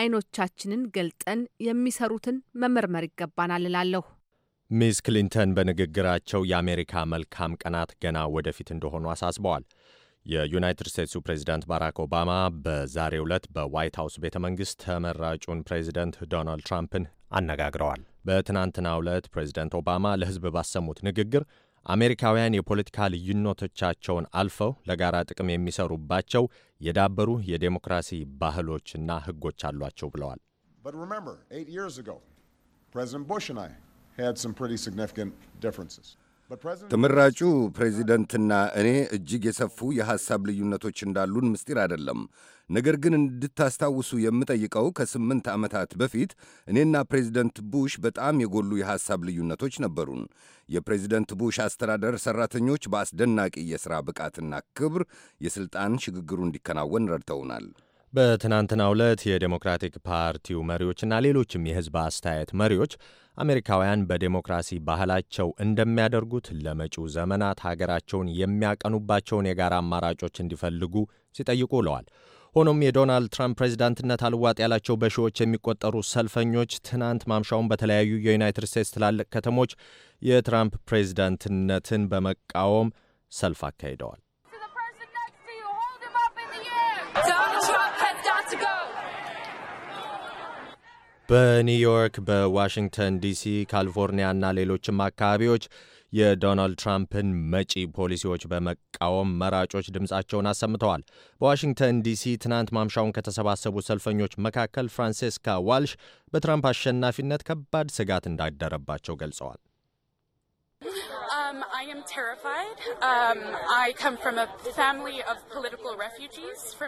አይኖቻችንን ገልጠን የሚሰሩትን መመርመር ይገባናል እላለሁ። ሚስ ክሊንተን በንግግራቸው የአሜሪካ መልካም ቀናት ገና ወደፊት እንደሆኑ አሳስበዋል። የዩናይትድ ስቴትሱ ፕሬዚዳንት ባራክ ኦባማ በዛሬው ዕለት በዋይት ሀውስ ቤተ መንግሥት ተመራጩን ፕሬዚደንት ዶናልድ ትራምፕን አነጋግረዋል። በትናንትናው ዕለት ፕሬዚደንት ኦባማ ለሕዝብ ባሰሙት ንግግር አሜሪካውያን የፖለቲካ ልዩነቶቻቸውን አልፈው ለጋራ ጥቅም የሚሰሩባቸው የዳበሩ የዴሞክራሲ ባህሎችና ሕጎች አሏቸው ብለዋል። ፕሬዚደንት ቡሽ ተመራጩ ፕሬዚደንትና እኔ እጅግ የሰፉ የሐሳብ ልዩነቶች እንዳሉን ምስጢር አይደለም። ነገር ግን እንድታስታውሱ የምጠይቀው ከስምንት ዓመታት በፊት እኔና ፕሬዚደንት ቡሽ በጣም የጎሉ የሐሳብ ልዩነቶች ነበሩን። የፕሬዚደንት ቡሽ አስተዳደር ሠራተኞች በአስደናቂ የሥራ ብቃትና ክብር የሥልጣን ሽግግሩ እንዲከናወን ረድተውናል። በትናንትናው ዕለት የዴሞክራቲክ ፓርቲው መሪዎችና ሌሎችም የህዝብ አስተያየት መሪዎች አሜሪካውያን በዴሞክራሲ ባህላቸው እንደሚያደርጉት ለመጪው ዘመናት ሀገራቸውን የሚያቀኑባቸውን የጋራ አማራጮች እንዲፈልጉ ሲጠይቁ ውለዋል። ሆኖም የዶናልድ ትራምፕ ፕሬዚዳንትነት አልዋጥ ያላቸው በሺዎች የሚቆጠሩ ሰልፈኞች ትናንት ማምሻውን በተለያዩ የዩናይትድ ስቴትስ ትላልቅ ከተሞች የትራምፕ ፕሬዚዳንትነትን በመቃወም ሰልፍ አካሂደዋል። በኒውዮርክ፣ በዋሽንግተን ዲሲ፣ ካሊፎርኒያ እና ሌሎችም አካባቢዎች የዶናልድ ትራምፕን መጪ ፖሊሲዎች በመቃወም መራጮች ድምፃቸውን አሰምተዋል። በዋሽንግተን ዲሲ ትናንት ማምሻውን ከተሰባሰቡ ሰልፈኞች መካከል ፍራንሴስካ ዋልሽ በትራምፕ አሸናፊነት ከባድ ስጋት እንዳደረባቸው ገልጸዋል። Um,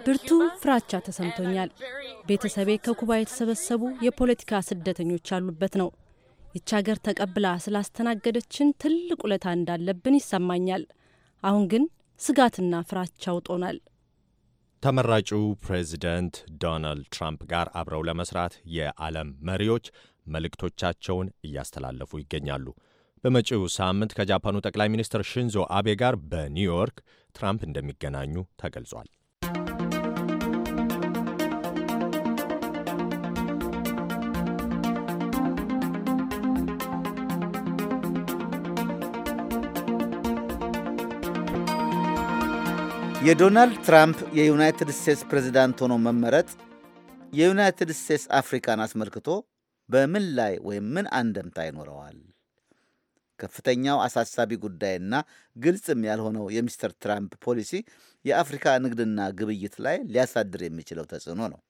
ብርቱ ፍራቻ ተሰምቶኛል። ቤተሰቤ ከኩባ የተሰበሰቡ የፖለቲካ ስደተኞች ያሉበት ነው። ይች ሀገር ተቀብላ ስላስተናገደችን ትልቅ ውለታ እንዳለብን ይሰማኛል። አሁን ግን ስጋትና ፍራቻ ውጦናል። ተመራጩ ፕሬዚደንት ዶናልድ ትራምፕ ጋር አብረው ለመስራት የዓለም መሪዎች መልእክቶቻቸውን እያስተላለፉ ይገኛሉ። በመጪው ሳምንት ከጃፓኑ ጠቅላይ ሚኒስትር ሽንዞ አቤ ጋር በኒውዮርክ ትራምፕ እንደሚገናኙ ተገልጿል። የዶናልድ ትራምፕ የዩናይትድ ስቴትስ ፕሬዝዳንት ሆኖ መመረጥ የዩናይትድ ስቴትስ አፍሪካን አስመልክቶ በምን ላይ ወይም ምን አንደምታ ይኖረዋል? ከፍተኛው አሳሳቢ ጉዳይና ግልጽም ያልሆነው የሚስተር ትራምፕ ፖሊሲ የአፍሪካ ንግድና ግብይት ላይ ሊያሳድር የሚችለው ተጽዕኖ ነው።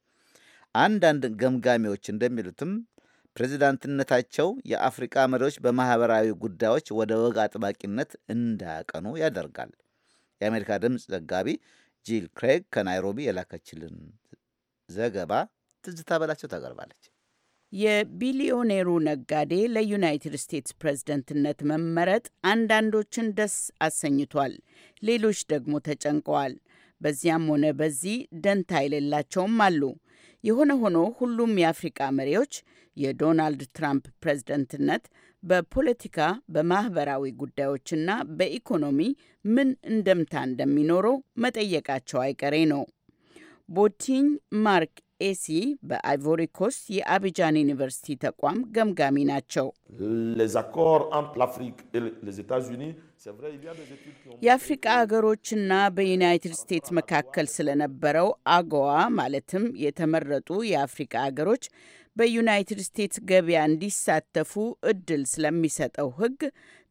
አንዳንድ ገምጋሚዎች እንደሚሉትም ፕሬዚዳንትነታቸው የአፍሪቃ መሪዎች በማኅበራዊ ጉዳዮች ወደ ወግ አጥባቂነት እንዳያቀኑ ያደርጋል። የአሜሪካ ድምፅ ዘጋቢ ጂል ክሬግ ከናይሮቢ የላከችልን ዘገባ ትዝታ በላቸው ታቀርባለች። የቢሊዮኔሩ ነጋዴ ለዩናይትድ ስቴትስ ፕሬዝደንትነት መመረጥ አንዳንዶችን ደስ አሰኝቷል፣ ሌሎች ደግሞ ተጨንቀዋል። በዚያም ሆነ በዚህ ደንታ የሌላቸውም አሉ። የሆነ ሆኖ ሁሉም የአፍሪቃ መሪዎች የዶናልድ ትራምፕ ፕሬዝደንትነት በፖለቲካ በማኅበራዊ ጉዳዮችና በኢኮኖሚ ምን እንደምታ እንደሚኖረው መጠየቃቸው አይቀሬ ነው። ቦቲኝ ማርክ ኤሲ በአይቮሪ ኮስት የአቢጃን ዩኒቨርሲቲ ተቋም ገምጋሚ ናቸው። የአፍሪቃ ሀገሮችና በዩናይትድ ስቴትስ መካከል ስለነበረው አጎዋ ማለትም የተመረጡ የአፍሪቃ ሀገሮች በዩናይትድ ስቴትስ ገበያ እንዲሳተፉ እድል ስለሚሰጠው ሕግ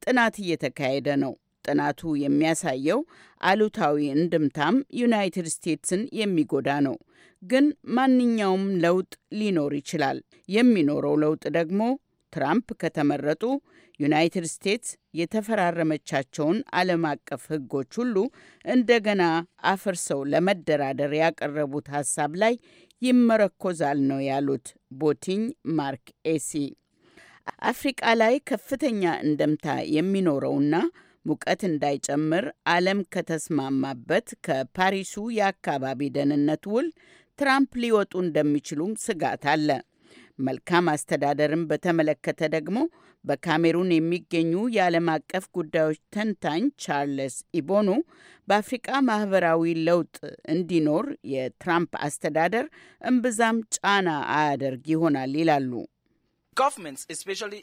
ጥናት እየተካሄደ ነው። ጥናቱ የሚያሳየው አሉታዊ እንድምታም ዩናይትድ ስቴትስን የሚጎዳ ነው። ግን ማንኛውም ለውጥ ሊኖር ይችላል። የሚኖረው ለውጥ ደግሞ ትራምፕ ከተመረጡ ዩናይትድ ስቴትስ የተፈራረመቻቸውን ዓለም አቀፍ ሕጎች ሁሉ እንደገና አፍርሰው ለመደራደር ያቀረቡት ሀሳብ ላይ ይመረኮዛል ነው ያሉት ቦቲኝ ማርክ ኤሲ። አፍሪቃ ላይ ከፍተኛ እንደምታ የሚኖረውና ሙቀት እንዳይጨምር ዓለም ከተስማማበት ከፓሪሱ የአካባቢ ደህንነት ውል ትራምፕ ሊወጡ እንደሚችሉም ስጋት አለ። መልካም አስተዳደርን በተመለከተ ደግሞ በካሜሩን የሚገኙ የዓለም አቀፍ ጉዳዮች ተንታኝ ቻርለስ ኢቦኑ በአፍሪቃ ማህበራዊ ለውጥ እንዲኖር የትራምፕ አስተዳደር እምብዛም ጫና አያደርግ ይሆናል ይላሉ። governments, especially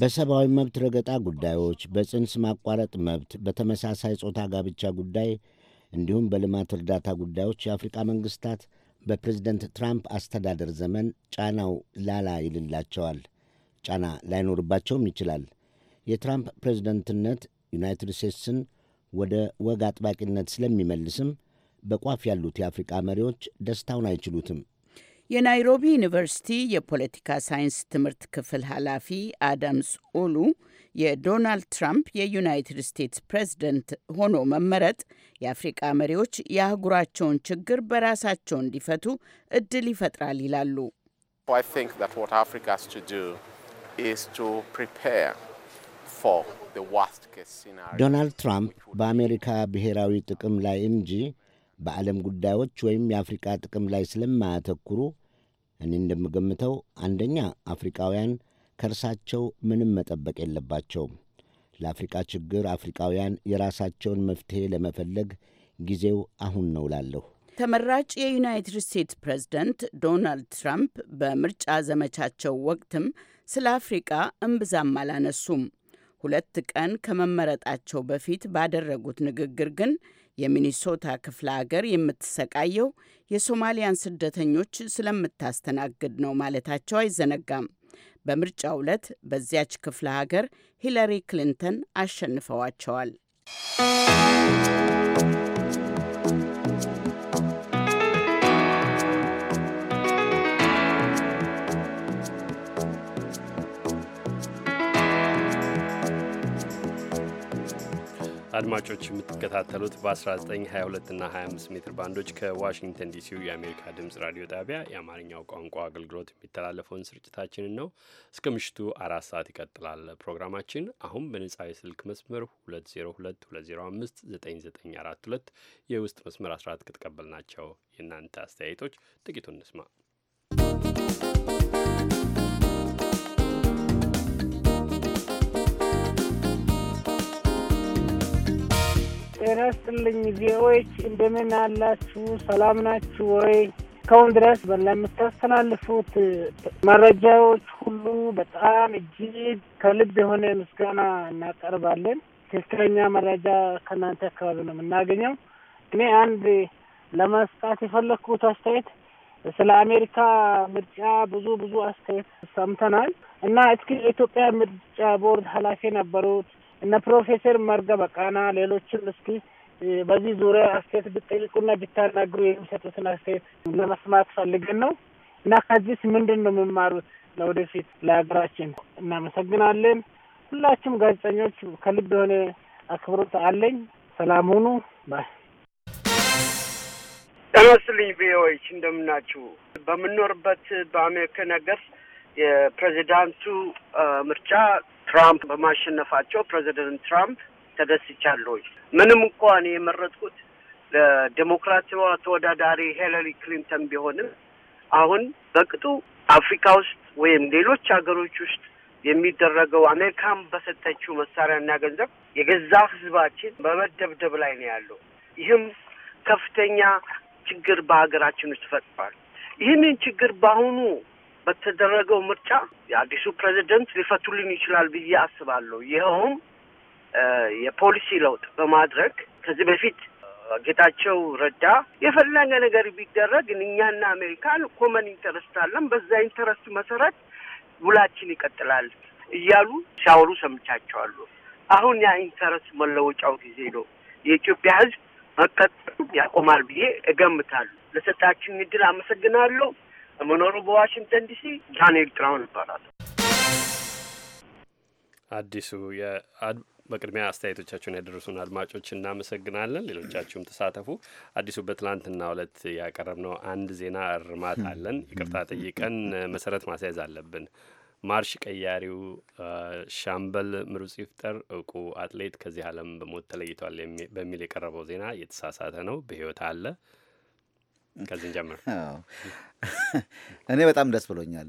በሰብአዊ መብት ረገጣ ጉዳዮች፣ በጽንስ ማቋረጥ መብት፣ በተመሳሳይ ጾታ ጋብቻ ጉዳይ እንዲሁም በልማት እርዳታ ጉዳዮች የአፍሪቃ መንግስታት በፕሬዝደንት ትራምፕ አስተዳደር ዘመን ጫናው ላላ ይልላቸዋል። ጫና ላይኖርባቸውም ይችላል። የትራምፕ ፕሬዝደንትነት ዩናይትድ ስቴትስን ወደ ወግ አጥባቂነት ስለሚመልስም በቋፍ ያሉት የአፍሪቃ መሪዎች ደስታውን አይችሉትም። የናይሮቢ ዩኒቨርሲቲ የፖለቲካ ሳይንስ ትምህርት ክፍል ኃላፊ አዳምስ ኦሉ የዶናልድ ትራምፕ የዩናይትድ ስቴትስ ፕሬዝደንት ሆኖ መመረጥ የአፍሪቃ መሪዎች የአህጉራቸውን ችግር በራሳቸው እንዲፈቱ እድል ይፈጥራል ይላሉ። ዶናልድ ትራምፕ በአሜሪካ ብሔራዊ ጥቅም ላይ እንጂ በዓለም ጉዳዮች ወይም የአፍሪቃ ጥቅም ላይ ስለማያተኩሩ እኔ እንደምገምተው አንደኛ አፍሪቃውያን ከእርሳቸው ምንም መጠበቅ የለባቸውም። ለአፍሪቃ ችግር አፍሪቃውያን የራሳቸውን መፍትሄ ለመፈለግ ጊዜው አሁን ነው ላለሁ። ተመራጭ የዩናይትድ ስቴትስ ፕሬዝደንት ዶናልድ ትራምፕ በምርጫ ዘመቻቸው ወቅትም ስለ አፍሪቃ እምብዛም አላነሱም። ሁለት ቀን ከመመረጣቸው በፊት ባደረጉት ንግግር ግን የሚኒሶታ ክፍለ አገር የምትሰቃየው የሶማሊያን ስደተኞች ስለምታስተናግድ ነው ማለታቸው አይዘነጋም። በምርጫ ዕለት በዚያች ክፍለ ሀገር ሂለሪ ክሊንተን አሸንፈዋቸዋል። አድማጮች የምትከታተሉት በ1922 እና 25 ሜትር ባንዶች ከዋሽንግተን ዲሲው የአሜሪካ ድምፅ ራዲዮ ጣቢያ የአማርኛው ቋንቋ አገልግሎት የሚተላለፈውን ስርጭታችንን ነው። እስከ ምሽቱ አራት ሰዓት ይቀጥላል ፕሮግራማችን። አሁን በነጻ የስልክ መስመር 2022059942 የውስጥ መስመር 14 ከተቀበልናቸው የእናንተ አስተያየቶች ጥቂቱን እንስማ። ጤና ይስጥልኝ ዜዎች እንደምን አላችሁ? ሰላም ናችሁ ወይ? እስካሁን ድረስ ለምታስተላልፉት መረጃዎች ሁሉ በጣም እጅግ ከልብ የሆነ ምስጋና እናቀርባለን። ትክክለኛ መረጃ ከእናንተ አካባቢ ነው የምናገኘው። እኔ አንድ ለመስጣት የፈለግኩት አስተያየት ስለ አሜሪካ ምርጫ ብዙ ብዙ አስተያየት ሰምተናል እና እስኪ የኢትዮጵያ ምርጫ ቦርድ ኃላፊ የነበሩት እነ ፕሮፌሰር መርጋ በቃና ሌሎችም እስኪ በዚህ ዙሪያ አስተያየት ብጠይቁና ብታናግሩ የሚሰጡትን አስተያየት ለመስማት ፈልገን ነው እና ከዚህስ ምንድን ነው የሚማሩት ለወደፊት ለሀገራችን? እናመሰግናለን። ሁላችሁም ጋዜጠኞች ከልብ የሆነ አክብሮት አለኝ። ሰላም ሁኑ። ባይ ጠመስልኝ ቪኦኤች እንደምናችሁ። በምኖርበት በአሜሪካ ነገር የፕሬዚዳንቱ ምርጫ ትራምፕ በማሸነፋቸው ፕሬዚደንት ትራምፕ ተደስቻለሁ። ምንም እንኳን የመረጥኩት ለዴሞክራሲዋ ተወዳዳሪ ሂለሪ ክሊንተን ቢሆንም አሁን በቅጡ አፍሪካ ውስጥ ወይም ሌሎች ሀገሮች ውስጥ የሚደረገው አሜሪካን በሰጠችው መሳሪያና ገንዘብ የገዛ ሕዝባችን በመደብደብ ላይ ነው ያለው። ይህም ከፍተኛ ችግር በሀገራችን ውስጥ ፈጥሯል። ይህንን ችግር በአሁኑ በተደረገው ምርጫ የአዲሱ ፕሬዚደንት ሊፈቱልን ይችላል ብዬ አስባለሁ። ይኸውም የፖሊሲ ለውጥ በማድረግ ከዚህ በፊት ጌታቸው ረዳ የፈለገ ነገር ቢደረግ እኛና አሜሪካን ኮመን ኢንተረስት አለን፣ በዛ ኢንተረስት መሰረት ውላችን ይቀጥላል እያሉ ሲያወሩ ሰምቻቸዋሉ። አሁን ያ ኢንተረስት መለወጫው ጊዜ ነው። የኢትዮጵያ ሕዝብ መቀጠሉ ያቆማል ብዬ እገምታለሁ። ለሰጣችሁኝ እድል አመሰግናለሁ። የምኖሩ በዋሽንግተን ዲሲ ዳንኤል ትራውን ይባላል። አዲሱ በቅድሚያ አስተያየቶቻችሁን ያደረሱን አድማጮች እናመሰግናለን። ሌሎቻችሁም ተሳተፉ። አዲሱ በትላንትና ዕለት ያቀረብነው አንድ ዜና እርማት አለን። ይቅርታ ጠይቀን መሰረት ማስያዝ አለብን። ማርሽ ቀያሪው ሻምበል ምሩጽ ይፍጠር እውቁ አትሌት ከዚህ ዓለም በሞት ተለይቷል በሚል የቀረበው ዜና የተሳሳተ ነው። በህይወት አለ ከዚህ ጀምር። እኔ በጣም ደስ ብሎኛል።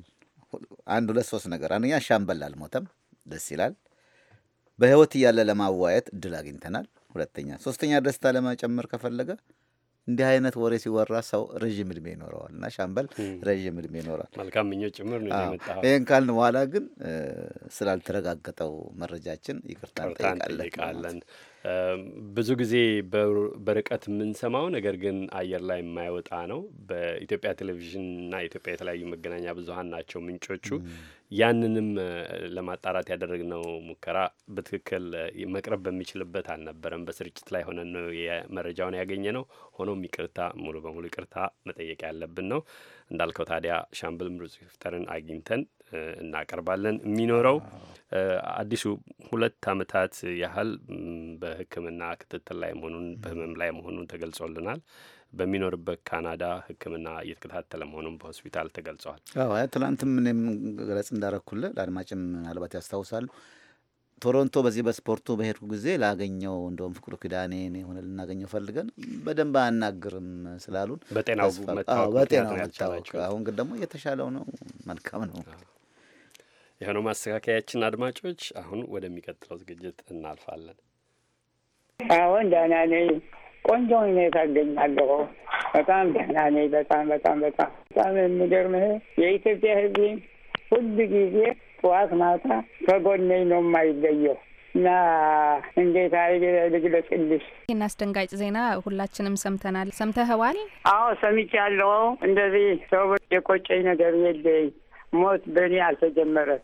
አንድ ሁለት ሶስት ነገር። አንደኛ ሻምበል አልሞተም፣ ደስ ይላል። በህይወት እያለ ለማዋየት እድል አግኝተናል። ሁለተኛ፣ ሶስተኛ ደስታ ለመጨመር ከፈለገ እንዲህ አይነት ወሬ ሲወራ ሰው ረዥም እድሜ ይኖረዋል እና ሻምበል ረዥም እድሜ ይኖራል። መልካም ምኞት ጭምር ነው ይህን ካልን በኋላ ግን ስላልተረጋገጠው መረጃችን ይቅርታ እንጠይቃለን። ብዙ ጊዜ በርቀት የምንሰማው ነገር ግን አየር ላይ የማይወጣ ነው። በኢትዮጵያ ቴሌቪዥን እና የተለያዩ መገናኛ ብዙኃን ናቸው ምንጮቹ። ያንንም ለማጣራት ያደረግነው ሙከራ በትክክል መቅረብ በሚችልበት አልነበረም። በስርጭት ላይ ሆነን ነው መረጃውን ያገኘ ነው። ሆኖም ይቅርታ ሙሉ በሙሉ ይቅርታ መጠየቅ ያለብን ነው። እንዳልከው ታዲያ ሻምብል ምሩጽ ይፍጠርን አግኝተን እናቀርባለን። የሚኖረው አዲሱ ሁለት ዓመታት ያህል በሕክምና ክትትል ላይ መሆኑን በህመም ላይ መሆኑን ተገልጾልናል። በሚኖርበት ካናዳ ሕክምና እየተከታተለ መሆኑን በሆስፒታል ተገልጸዋል። ትናንትም እኔም ገለጽ እንዳረኩል ለአድማጭም ምናልባት ያስታውሳሉ። ቶሮንቶ በዚህ በስፖርቱ በሄድኩ ጊዜ ላገኘው እንደውም ፍቅሩ ኪዳኔ ሆነ ልናገኘው ፈልገን በደንብ አናግርም ስላሉን በጤናው መታወቅ አሁን ግን ደግሞ እየተሻለው ነው። መልካም ነው። የሆነው ማስተካከያችን። አድማጮች አሁን ወደሚቀጥለው ዝግጅት እናልፋለን። አሁን ደህና ነኝ፣ ቆንጆ ሁኔታ አገኛለሁ። በጣም ደህና ነኝ። በጣም በጣም በጣም በጣም የሚገርምህ የኢትዮጵያ ሕዝብ ሁል ጊዜ ጠዋት ማታ ከጎነኝ ነው የማይለየው እና እንዴት አይ ልግለጽልሽ። ይህን አስደንጋጭ ዜና ሁላችንም ሰምተናል። ሰምተኸዋል? አዎ ሰምቻለሁ። እንደዚህ ሰው የቆጨኝ ነገር የለኝ ሞት በእኔ አልተጀመረም።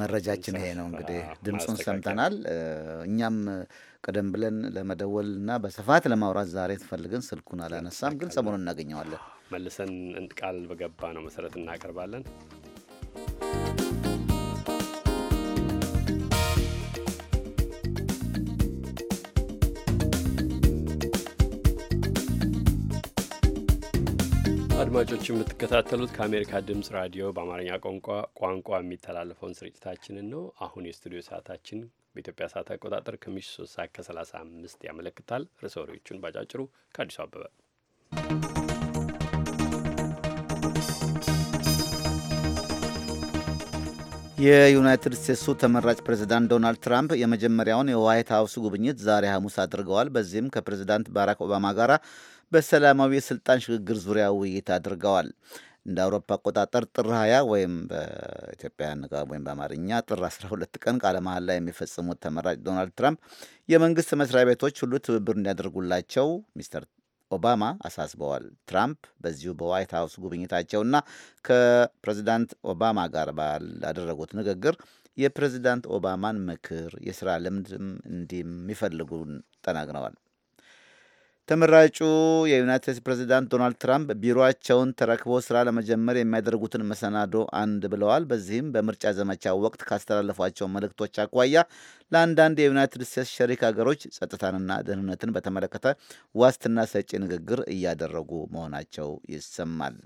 መረጃችን ይሄ ነው። እንግዲህ ድምፁን ሰምተናል። እኛም ቀደም ብለን ለመደወል እና በስፋት ለማውራት ዛሬ ትፈልግን ስልኩን አላነሳም፣ ግን ሰሞኑን እናገኘዋለን። መልሰን ቃል በገባ ነው መሰረት እናቀርባለን። አድማጮች የምትከታተሉት ከአሜሪካ ድምጽ ራዲዮ በአማርኛ ቋንቋ ቋንቋ የሚተላለፈውን ስርጭታችንን ነው። አሁን የስቱዲዮ ሰዓታችን በኢትዮጵያ ሰዓት አቆጣጠር ከምሽቱ ሶስት ሰዓት ከሰላሳ አምስት ያመለክታል። ርዕሰ ወሬዎቹን ባጫጭሩ ከአዲሱ አበበ የዩናይትድ ስቴትሱ ተመራጭ ፕሬዚዳንት ዶናልድ ትራምፕ የመጀመሪያውን የዋይት ሀውስ ጉብኝት ዛሬ ሐሙስ አድርገዋል። በዚህም ከፕሬዚዳንት ባራክ ኦባማ ጋር በሰላማዊ የስልጣን ሽግግር ዙሪያ ውይይት አድርገዋል። እንደ አውሮፓ አቆጣጠር ጥር 20 ወይም በኢትዮጵያ ንጋ ወይም በአማርኛ ጥር 12 ቀን ቃለ መሐላ የሚፈጽሙት ተመራጭ ዶናልድ ትራምፕ የመንግስት መስሪያ ቤቶች ሁሉ ትብብር እንዲያደርጉላቸው ሚስተር ኦባማ አሳስበዋል። ትራምፕ በዚሁ በዋይት ሀውስ ጉብኝታቸውና ከፕሬዚዳንት ኦባማ ጋር ባላደረጉት ንግግር የፕሬዚዳንት ኦባማን ምክር፣ የስራ ልምድም እንዲህ የሚፈልጉን ተናግረዋል። ተመራጩ የዩናይትድ ስቴትስ ፕሬዚዳንት ዶናልድ ትራምፕ ቢሮአቸውን ተረክቦ ስራ ለመጀመር የሚያደርጉትን መሰናዶ አንድ ብለዋል። በዚህም በምርጫ ዘመቻ ወቅት ካስተላለፏቸው መልእክቶች አኳያ ለአንዳንድ የዩናይትድ ስቴትስ ሸሪክ ሀገሮች ጸጥታንና ደህንነትን በተመለከተ ዋስትና ሰጪ ንግግር እያደረጉ መሆናቸው ይሰማል።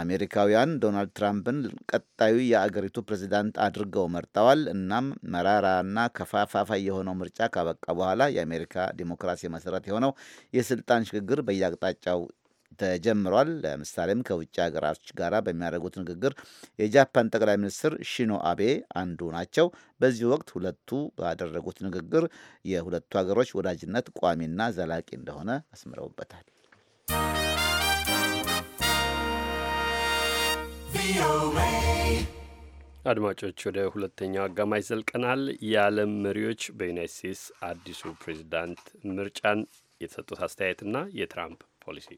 አሜሪካውያን ዶናልድ ትራምፕን ቀጣዩ የአገሪቱ ፕሬዚዳንት አድርገው መርጠዋል። እናም መራራና ከፋፋይ የሆነው ምርጫ ካበቃ በኋላ የአሜሪካ ዲሞክራሲ መሰረት የሆነው የስልጣን ሽግግር በየአቅጣጫው ተጀምሯል። ለምሳሌም ከውጭ ሀገራች ጋር በሚያደርጉት ንግግር የጃፓን ጠቅላይ ሚኒስትር ሺኖ አቤ አንዱ ናቸው። በዚህ ወቅት ሁለቱ ባደረጉት ንግግር የሁለቱ ሀገሮች ወዳጅነት ቋሚና ዘላቂ እንደሆነ አስምረውበታል። አድማጮች ወደ ሁለተኛው አጋማሽ ዘልቀናል። የዓለም መሪዎች በዩናይት ስቴትስ አዲሱ ፕሬዚዳንት ምርጫን የተሰጡት አስተያየትና የትራምፕ ፖሊሲ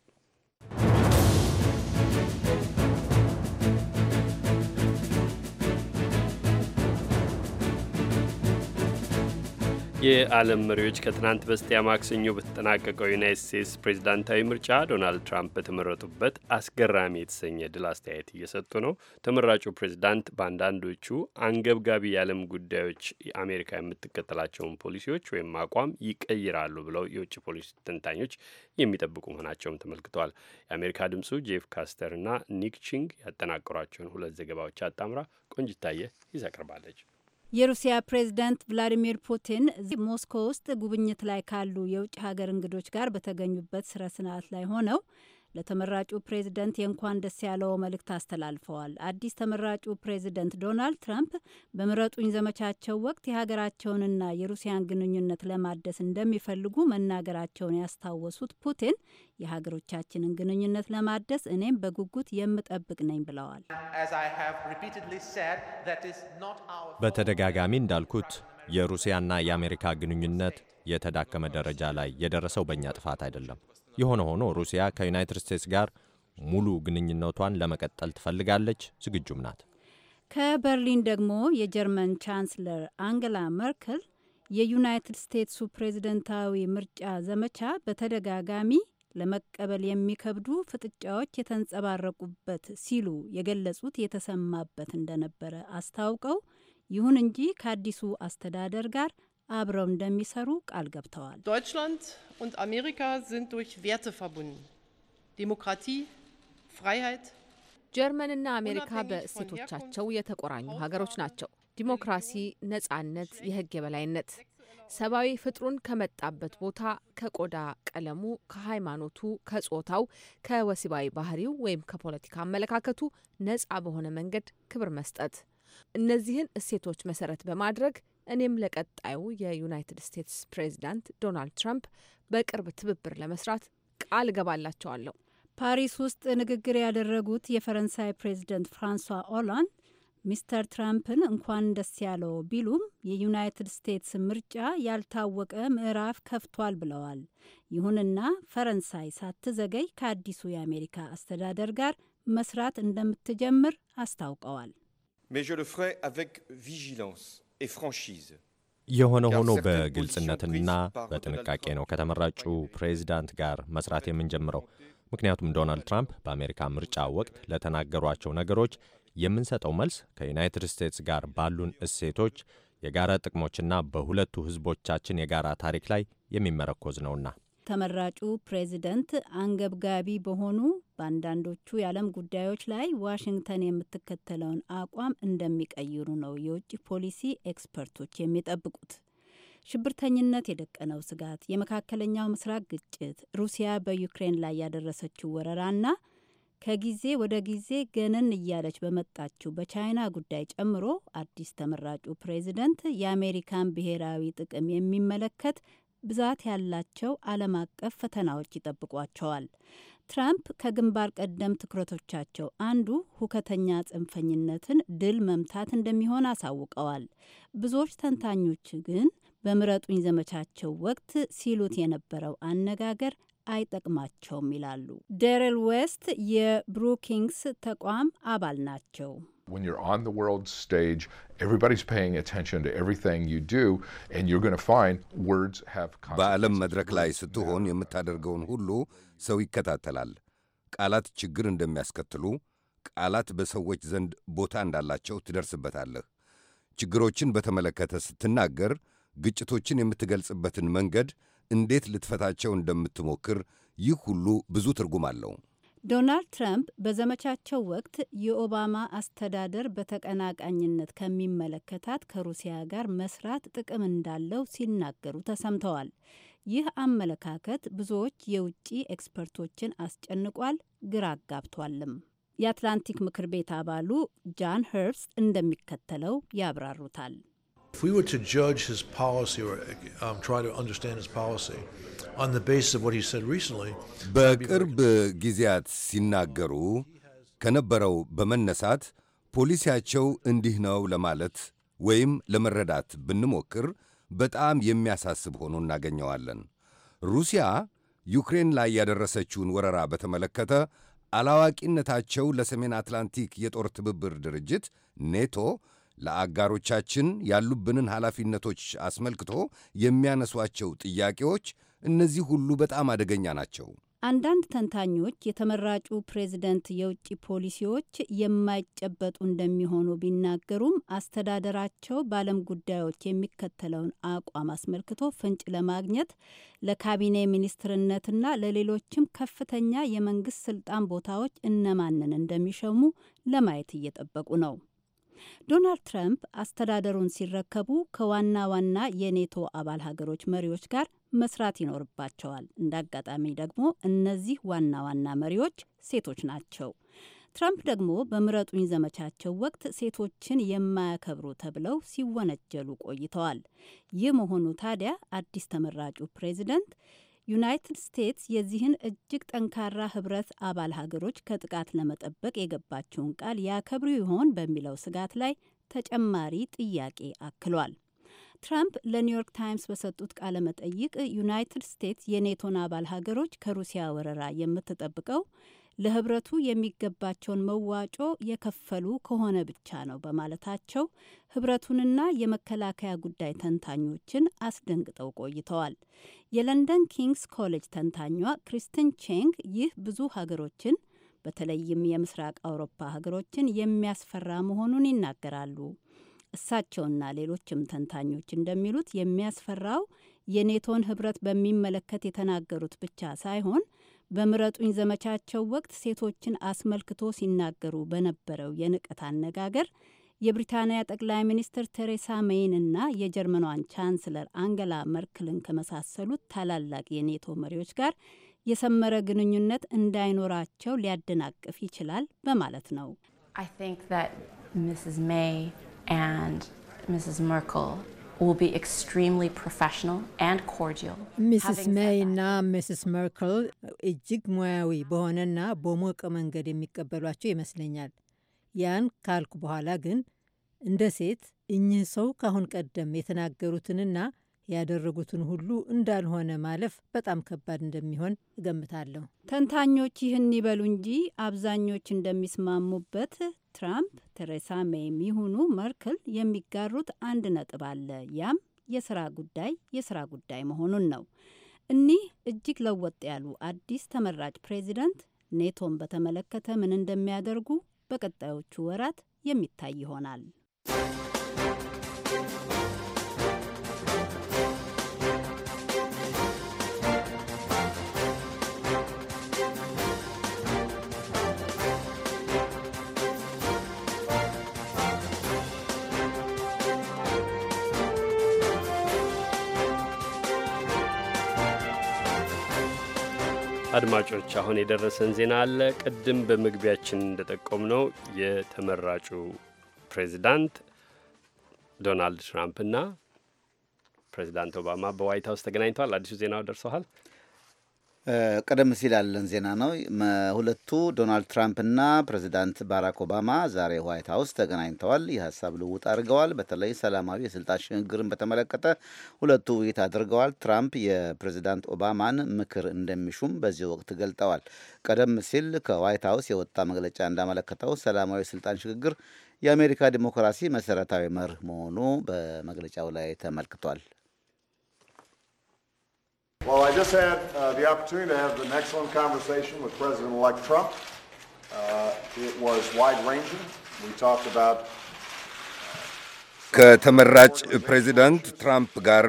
የዓለም መሪዎች ከትናንት በስቲያ ማክሰኞ በተጠናቀቀው ዩናይት ስቴትስ ፕሬዚዳንታዊ ምርጫ ዶናልድ ትራምፕ በተመረጡበት አስገራሚ የተሰኘ ድል አስተያየት እየሰጡ ነው። ተመራጩ ፕሬዚዳንት በአንዳንዶቹ አንገብጋቢ የዓለም ጉዳዮች አሜሪካ የምትከተላቸውን ፖሊሲዎች ወይም አቋም ይቀይራሉ ብለው የውጭ ፖሊሲ ተንታኞች የሚጠብቁ መሆናቸውም ተመልክተዋል። የአሜሪካ ድምፁ ጄፍ ካስተርና ኒክ ቺንግ ያጠናቀሯቸውን ሁለት ዘገባዎች አጣምራ ቆንጅታየ ይዛ ቀርባለች። የሩሲያ ፕሬዝዳንት ቭላዲሚር ፑቲን ሞስኮ ውስጥ ጉብኝት ላይ ካሉ የውጭ ሀገር እንግዶች ጋር በተገኙበት ስነ ስርዓት ላይ ሆነው ለተመራጩ ፕሬዝደንት የእንኳን ደስ ያለው መልእክት አስተላልፈዋል። አዲስ ተመራጩ ፕሬዝደንት ዶናልድ ትራምፕ በምረጡኝ ዘመቻቸው ወቅት የሀገራቸውንና የሩሲያን ግንኙነት ለማደስ እንደሚፈልጉ መናገራቸውን ያስታወሱት ፑቲን የሀገሮቻችንን ግንኙነት ለማደስ እኔም በጉጉት የምጠብቅ ነኝ ብለዋል። በተደጋጋሚ እንዳልኩት የሩሲያና የአሜሪካ ግንኙነት የተዳከመ ደረጃ ላይ የደረሰው በእኛ ጥፋት አይደለም። የሆነ ሆኖ ሩሲያ ከዩናይትድ ስቴትስ ጋር ሙሉ ግንኙነቷን ለመቀጠል ትፈልጋለች፣ ዝግጁም ናት። ከበርሊን ደግሞ የጀርመን ቻንስለር አንገላ መርከል የዩናይትድ ስቴትሱ ፕሬዝደንታዊ ምርጫ ዘመቻ በተደጋጋሚ ለመቀበል የሚከብዱ ፍጥጫዎች የተንጸባረቁበት ሲሉ የገለጹት የተሰማበት እንደነበረ አስታውቀው ይሁን እንጂ ከአዲሱ አስተዳደር ጋር አብረው እንደሚሰሩ ቃል ገብተዋል። ዶይችላንድ und አሜሪካ sind durch Werte verbunden. Demokratie, Freiheit ጀርመንና አሜሪካ በእሴቶቻቸው የተቆራኙ ሀገሮች ናቸው። ዲሞክራሲ፣ ነጻነት፣ የህግ የበላይነት ሰብአዊ ፍጥሩን ከመጣበት ቦታ ከቆዳ ቀለሙ፣ ከሃይማኖቱ፣ ከጾታው፣ ከወሲባዊ ባህሪው ወይም ከፖለቲካ አመለካከቱ ነጻ በሆነ መንገድ ክብር መስጠት እነዚህን እሴቶች መሰረት በማድረግ እኔም ለቀጣዩ የዩናይትድ ስቴትስ ፕሬዚዳንት ዶናልድ ትራምፕ በቅርብ ትብብር ለመስራት ቃል እገባላቸዋለሁ። ፓሪስ ውስጥ ንግግር ያደረጉት የፈረንሳይ ፕሬዚደንት ፍራንሷ ኦላንድ ሚስተር ትራምፕን እንኳን ደስ ያለው ቢሉም የዩናይትድ ስቴትስ ምርጫ ያልታወቀ ምዕራፍ ከፍቷል ብለዋል። ይሁንና ፈረንሳይ ሳትዘገይ ከአዲሱ የአሜሪካ አስተዳደር ጋር መስራት እንደምትጀምር አስታውቀዋል። ሜ je le ferai የሆነ ሆኖ በግልጽነትና በጥንቃቄ ነው ከተመራጩ ፕሬዚዳንት ጋር መስራት የምንጀምረው። ምክንያቱም ዶናልድ ትራምፕ በአሜሪካ ምርጫ ወቅት ለተናገሯቸው ነገሮች የምንሰጠው መልስ ከዩናይትድ ስቴትስ ጋር ባሉን እሴቶች፣ የጋራ ጥቅሞችና በሁለቱ ሕዝቦቻችን የጋራ ታሪክ ላይ የሚመረኮዝ ነውና። ተመራጩ ፕሬዚደንት አንገብጋቢ በሆኑ በአንዳንዶቹ የዓለም ጉዳዮች ላይ ዋሽንግተን የምትከተለውን አቋም እንደሚቀይሩ ነው የውጭ ፖሊሲ ኤክስፐርቶች የሚጠብቁት። ሽብርተኝነት የደቀነው ስጋት፣ የመካከለኛው ምስራቅ ግጭት፣ ሩሲያ በዩክሬን ላይ ያደረሰችው ወረራና ከጊዜ ወደ ጊዜ ገነን እያለች በመጣችው በቻይና ጉዳይ ጨምሮ አዲስ ተመራጩ ፕሬዚደንት የአሜሪካን ብሔራዊ ጥቅም የሚመለከት ብዛት ያላቸው ዓለም አቀፍ ፈተናዎች ይጠብቋቸዋል። ትራምፕ ከግንባር ቀደም ትኩረቶቻቸው አንዱ ሁከተኛ ጽንፈኝነትን ድል መምታት እንደሚሆን አሳውቀዋል። ብዙዎች ተንታኞች ግን በምረጡኝ ዘመቻቸው ወቅት ሲሉት የነበረው አነጋገር አይጠቅማቸውም ይላሉ። ዴሬል ዌስት የብሩኪንግስ ተቋም አባል ናቸው። When you're on the world stage, everybody's paying attention to everything you do and you're going to find words have በዓለም መድረክ ላይ ስትሆን የምታደርገውን ሁሉ ሰው ይከታተላል። ቃላት ችግር እንደሚያስከትሉ፣ ቃላት በሰዎች ዘንድ ቦታ እንዳላቸው ትደርስበታለህ። ችግሮችን በተመለከተ ስትናገር ግጭቶችን የምትገልጽበትን መንገድ እንዴት ልትፈታቸው እንደምትሞክር ይህ ሁሉ ብዙ ትርጉም አለው። ዶናልድ ትራምፕ በዘመቻቸው ወቅት የኦባማ አስተዳደር በተቀናቃኝነት ከሚመለከታት ከሩሲያ ጋር መስራት ጥቅም እንዳለው ሲናገሩ ተሰምተዋል። ይህ አመለካከት ብዙዎች የውጭ ኤክስፐርቶችን አስጨንቋል፣ ግራ አጋብቷልም። የአትላንቲክ ምክር ቤት አባሉ ጃን ሄርስት እንደሚከተለው ያብራሩታል። If we were to judge his policy or um, try to understand his policy on the basis of what he said recently, በቅርብ ጊዜያት ሲናገሩ ከነበረው በመነሳት ፖሊሲያቸው እንዲህ ነው ለማለት ወይም ለመረዳት ብንሞክር በጣም የሚያሳስብ ሆኖ እናገኘዋለን። ሩሲያ ዩክሬን ላይ ያደረሰችውን ወረራ በተመለከተ አላዋቂነታቸው ለሰሜን አትላንቲክ የጦር ትብብር ድርጅት ኔቶ ለአጋሮቻችን ያሉብንን ኃላፊነቶች አስመልክቶ የሚያነሷቸው ጥያቄዎች እነዚህ ሁሉ በጣም አደገኛ ናቸው። አንዳንድ ተንታኞች የተመራጩ ፕሬዝደንት የውጭ ፖሊሲዎች የማይጨበጡ እንደሚሆኑ ቢናገሩም አስተዳደራቸው በዓለም ጉዳዮች የሚከተለውን አቋም አስመልክቶ ፍንጭ ለማግኘት ለካቢኔ ሚኒስትርነትና ለሌሎችም ከፍተኛ የመንግስት ስልጣን ቦታዎች እነማንን እንደሚሸሙ ለማየት እየጠበቁ ነው። ዶናልድ ትራምፕ አስተዳደሩን ሲረከቡ ከዋና ዋና የኔቶ አባል ሀገሮች መሪዎች ጋር መስራት ይኖርባቸዋል። እንደ አጋጣሚ ደግሞ እነዚህ ዋና ዋና መሪዎች ሴቶች ናቸው። ትራምፕ ደግሞ በምረጡኝ ዘመቻቸው ወቅት ሴቶችን የማያከብሩ ተብለው ሲወነጀሉ ቆይተዋል። ይህ መሆኑ ታዲያ አዲስ ተመራጩ ፕሬዚደንት ዩናይትድ ስቴትስ የዚህን እጅግ ጠንካራ ህብረት አባል ሀገሮች ከጥቃት ለመጠበቅ የገባቸውን ቃል ያከብሩ ይሆን በሚለው ስጋት ላይ ተጨማሪ ጥያቄ አክሏል። ትራምፕ ለኒውዮርክ ታይምስ በሰጡት ቃለ መጠይቅ ዩናይትድ ስቴትስ የኔቶን አባል ሀገሮች ከሩሲያ ወረራ የምትጠብቀው ለህብረቱ የሚገባቸውን መዋጮ የከፈሉ ከሆነ ብቻ ነው በማለታቸው ህብረቱንና የመከላከያ ጉዳይ ተንታኞችን አስደንግጠው ቆይተዋል። የለንደን ኪንግስ ኮሌጅ ተንታኟ ክሪስትን ቼንግ ይህ ብዙ ሀገሮችን በተለይም የምስራቅ አውሮፓ ሀገሮችን የሚያስፈራ መሆኑን ይናገራሉ። እሳቸውና ሌሎችም ተንታኞች እንደሚሉት የሚያስፈራው የኔቶን ህብረት በሚመለከት የተናገሩት ብቻ ሳይሆን በምረጡኝ ዘመቻቸው ወቅት ሴቶችን አስመልክቶ ሲናገሩ በነበረው የንቀት አነጋገር የብሪታንያ ጠቅላይ ሚኒስትር ቴሬሳ ሜይን እና የጀርመኗን ቻንስለር አንገላ መርክልን ከመሳሰሉት ታላላቅ የኔቶ መሪዎች ጋር የሰመረ ግንኙነት እንዳይኖራቸው ሊያደናቅፍ ይችላል በማለት ነው። ሚስስ ሜይ እና ሚስስ መርክል እጅግ ሙያዊ በሆነና በሞቀ መንገድ የሚቀበሏቸው ይመስለኛል። ያን ካልኩ በኋላ ግን እንደ ሴት እኚህ ሰው ካሁን ቀደም የተናገሩትንና ያደረጉትን ሁሉ እንዳልሆነ ማለፍ በጣም ከባድ እንደሚሆን እገምታለሁ። ተንታኞች ይህን ይበሉ እንጂ አብዛኞች እንደሚስማሙበት ትራምፕ፣ ቴሬሳ ሜይ የሚሆኑ መርክል የሚጋሩት አንድ ነጥብ አለ። ያም የስራ ጉዳይ የስራ ጉዳይ መሆኑን ነው። እኒህ እጅግ ለወጥ ያሉ አዲስ ተመራጭ ፕሬዚደንት ኔቶን በተመለከተ ምን እንደሚያደርጉ በቀጣዮቹ ወራት የሚታይ ይሆናል። አድማጮች አሁን የደረሰን ዜና አለ። ቅድም በመግቢያችን ነው የተመራጩ ፕሬዚዳንት ዶናልድ ትራምፕና ፕሬዚዳንት ኦባማ በዋይት ሀውስ ተገናኝተዋል። አዲሱ ዜናው ደርሰዋል። ቀደም ሲል ያለን ዜና ነው። ሁለቱ ዶናልድ ትራምፕ እና ፕሬዚዳንት ባራክ ኦባማ ዛሬ ዋይት ሀውስ ተገናኝተዋል። የሀሳብ ልውውጥ አድርገዋል። በተለይ ሰላማዊ የስልጣን ሽግግርን በተመለከተ ሁለቱ ውይይት አድርገዋል። ትራምፕ የፕሬዚዳንት ኦባማን ምክር እንደሚሹም በዚህ ወቅት ገልጠዋል። ቀደም ሲል ከዋይት ሀውስ የወጣ መግለጫ እንዳመለከተው ሰላማዊ የስልጣን ሽግግር የአሜሪካ ዲሞክራሲ መሰረታዊ መርህ መሆኑ በመግለጫው ላይ ተመልክቷል። I just had uh, the opportunity to have an excellent conversation with President-elect Trump. Uh, it was wide-ranging. We talked about uh, ከተመራጭ ፕሬዚዳንት ትራምፕ ጋር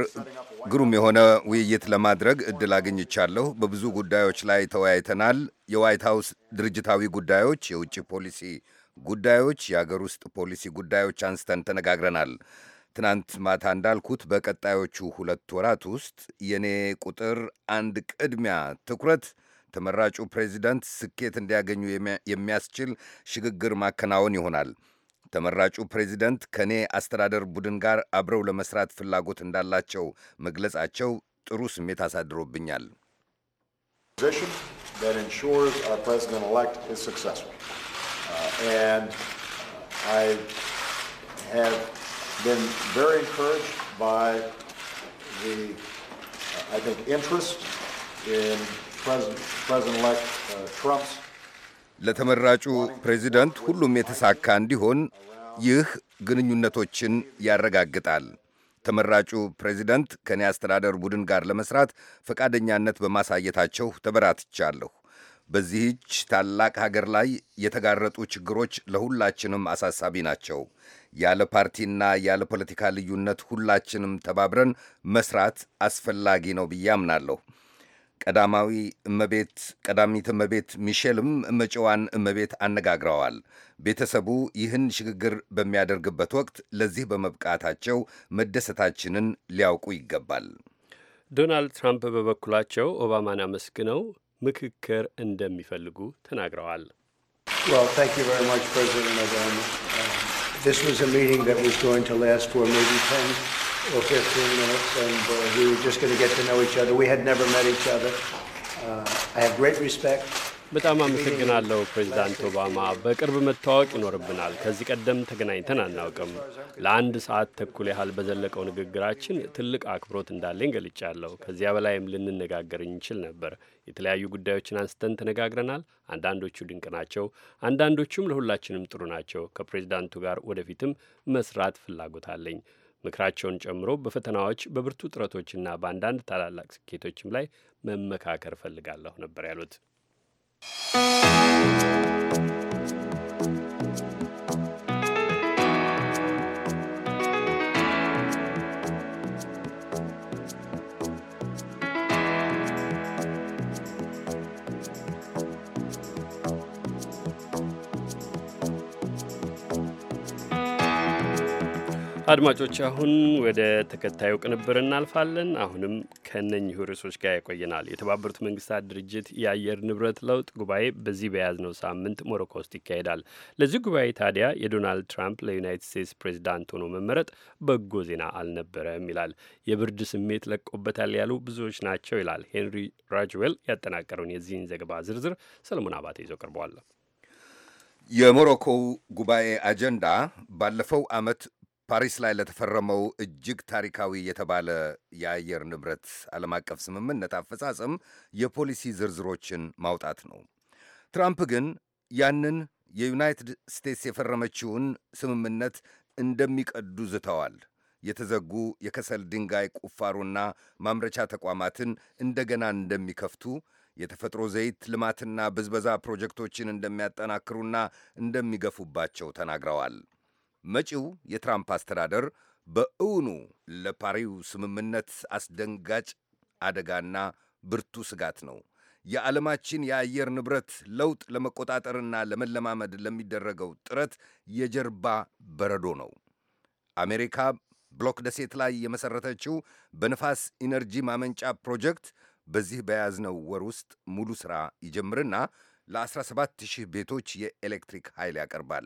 ግሩም የሆነ ውይይት ለማድረግ እድል አግኝቻለሁ። በብዙ ጉዳዮች ላይ ተወያይተናል። የዋይት ሃውስ ድርጅታዊ ጉዳዮች፣ የውጭ ፖሊሲ ጉዳዮች፣ የአገር ውስጥ ፖሊሲ ጉዳዮች አንስተን ተነጋግረናል። ትናንት ማታ እንዳልኩት በቀጣዮቹ ሁለት ወራት ውስጥ የኔ ቁጥር አንድ ቅድሚያ ትኩረት ተመራጩ ፕሬዚደንት ስኬት እንዲያገኙ የሚያስችል ሽግግር ማከናወን ይሆናል። ተመራጩ ፕሬዚደንት ከእኔ አስተዳደር ቡድን ጋር አብረው ለመስራት ፍላጎት እንዳላቸው መግለጻቸው ጥሩ ስሜት አሳድሮብኛል። ፕሬዚደንት been very encouraged by the, uh, I think, interest in President-elect uh, Trump's ለተመራጩ ፕሬዚደንት ሁሉም የተሳካ እንዲሆን ይህ ግንኙነቶችን ያረጋግጣል። ተመራጩ ፕሬዚደንት ከኔ አስተዳደር ቡድን ጋር ለመስራት ፈቃደኛነት በማሳየታቸው ተበራትቻለሁ። በዚህች ታላቅ ሀገር ላይ የተጋረጡ ችግሮች ለሁላችንም አሳሳቢ ናቸው። ያለ ፓርቲና ያለ ፖለቲካ ልዩነት ሁላችንም ተባብረን መስራት አስፈላጊ ነው ብዬ አምናለሁ። ቀዳማዊ እመቤት ቀዳሚት እመቤት ሚሼልም መጪዋን እመቤት አነጋግረዋል። ቤተሰቡ ይህን ሽግግር በሚያደርግበት ወቅት ለዚህ በመብቃታቸው መደሰታችንን ሊያውቁ ይገባል። ዶናልድ ትራምፕ በበኩላቸው ኦባማን አመስግነው ምክክር እንደሚፈልጉ ተናግረዋል። this was a meeting that was going to last for maybe 10 or 15 minutes, and uh, we were just going to get to know each other. We had never met each other. Uh, I have great respect በጣም አመሰግናለሁ ፕሬዚዳንት ኦባማ። በቅርብ መተዋወቅ ይኖርብናል። ከዚህ ቀደም ተገናኝተን አናውቅም። ለአንድ ሰዓት ተኩል ያህል በዘለቀው ንግግራችን ትልቅ አክብሮት እንዳለኝ ገልጫለሁ። ከዚያ በላይም ልንነጋገር እንችል ነበር። የተለያዩ ጉዳዮችን አንስተን ተነጋግረናል። አንዳንዶቹ ድንቅ ናቸው፣ አንዳንዶቹም ለሁላችንም ጥሩ ናቸው። ከፕሬዚዳንቱ ጋር ወደፊትም መስራት ፍላጎት አለኝ። ምክራቸውን ጨምሮ በፈተናዎች በብርቱ ጥረቶችና በአንዳንድ ታላላቅ ስኬቶችም ላይ መመካከር እፈልጋለሁ ነበር ያሉት። አድማጮች አሁን ወደ ተከታዩ ቅንብር እናልፋለን። አሁንም ከእነኚሁ ርዕሶች ጋር ያቆየናል። የተባበሩት መንግስታት ድርጅት የአየር ንብረት ለውጥ ጉባኤ በዚህ በያዝነው ሳምንት ሞሮኮ ውስጥ ይካሄዳል። ለዚህ ጉባኤ ታዲያ የዶናልድ ትራምፕ ለዩናይትድ ስቴትስ ፕሬዚዳንት ሆኖ መመረጥ በጎ ዜና አልነበረም ይላል። የብርድ ስሜት ለቆበታል ያሉ ብዙዎች ናቸው ይላል ሄንሪ ራጅዌል ያጠናቀረውን የዚህን ዘገባ ዝርዝር ሰለሞን አባተ ይዞ ቀርቧል። የሞሮኮው ጉባኤ አጀንዳ ባለፈው ዓመት ፓሪስ ላይ ለተፈረመው እጅግ ታሪካዊ የተባለ የአየር ንብረት ዓለም አቀፍ ስምምነት አፈጻጸም የፖሊሲ ዝርዝሮችን ማውጣት ነው። ትራምፕ ግን ያንን የዩናይትድ ስቴትስ የፈረመችውን ስምምነት እንደሚቀዱ ዝተዋል። የተዘጉ የከሰል ድንጋይ ቁፋሮና ማምረቻ ተቋማትን እንደገና እንደሚከፍቱ የተፈጥሮ ዘይት ልማትና ብዝበዛ ፕሮጀክቶችን እንደሚያጠናክሩና እንደሚገፉባቸው ተናግረዋል። መጪው የትራምፕ አስተዳደር በእውኑ ለፓሪው ስምምነት አስደንጋጭ አደጋና ብርቱ ስጋት ነው። የዓለማችን የአየር ንብረት ለውጥ ለመቆጣጠርና ለመለማመድ ለሚደረገው ጥረት የጀርባ በረዶ ነው። አሜሪካ ብሎክ ደሴት ላይ የመሠረተችው በንፋስ ኢነርጂ ማመንጫ ፕሮጀክት በዚህ በያዝነው ወር ውስጥ ሙሉ ሥራ ይጀምርና ለ17 ቤቶች የኤሌክትሪክ ኃይል ያቀርባል።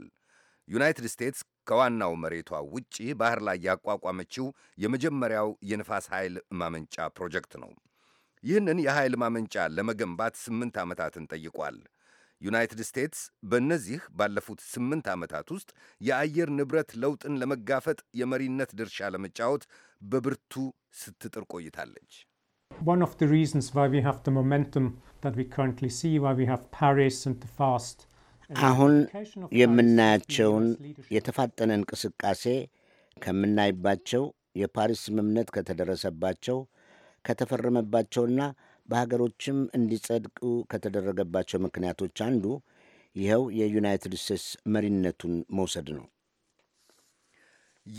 ዩናይትድ ስቴትስ ከዋናው መሬቷ ውጪ ባህር ላይ ያቋቋመችው የመጀመሪያው የንፋስ ኃይል ማመንጫ ፕሮጀክት ነው። ይህንን የኃይል ማመንጫ ለመገንባት ስምንት ዓመታትን ጠይቋል። ዩናይትድ ስቴትስ በእነዚህ ባለፉት ስምንት ዓመታት ውስጥ የአየር ንብረት ለውጥን ለመጋፈጥ የመሪነት ድርሻ ለመጫወት በብርቱ ስትጥር ቆይታለች። One of the reasons why we have the momentum that we currently see, why we have Paris and the fast አሁን የምናያቸውን የተፋጠነ እንቅስቃሴ ከምናይባቸው የፓሪስ ስምምነት ከተደረሰባቸው ከተፈረመባቸውና በሀገሮችም እንዲጸድቁ ከተደረገባቸው ምክንያቶች አንዱ ይኸው የዩናይትድ ስቴትስ መሪነቱን መውሰድ ነው።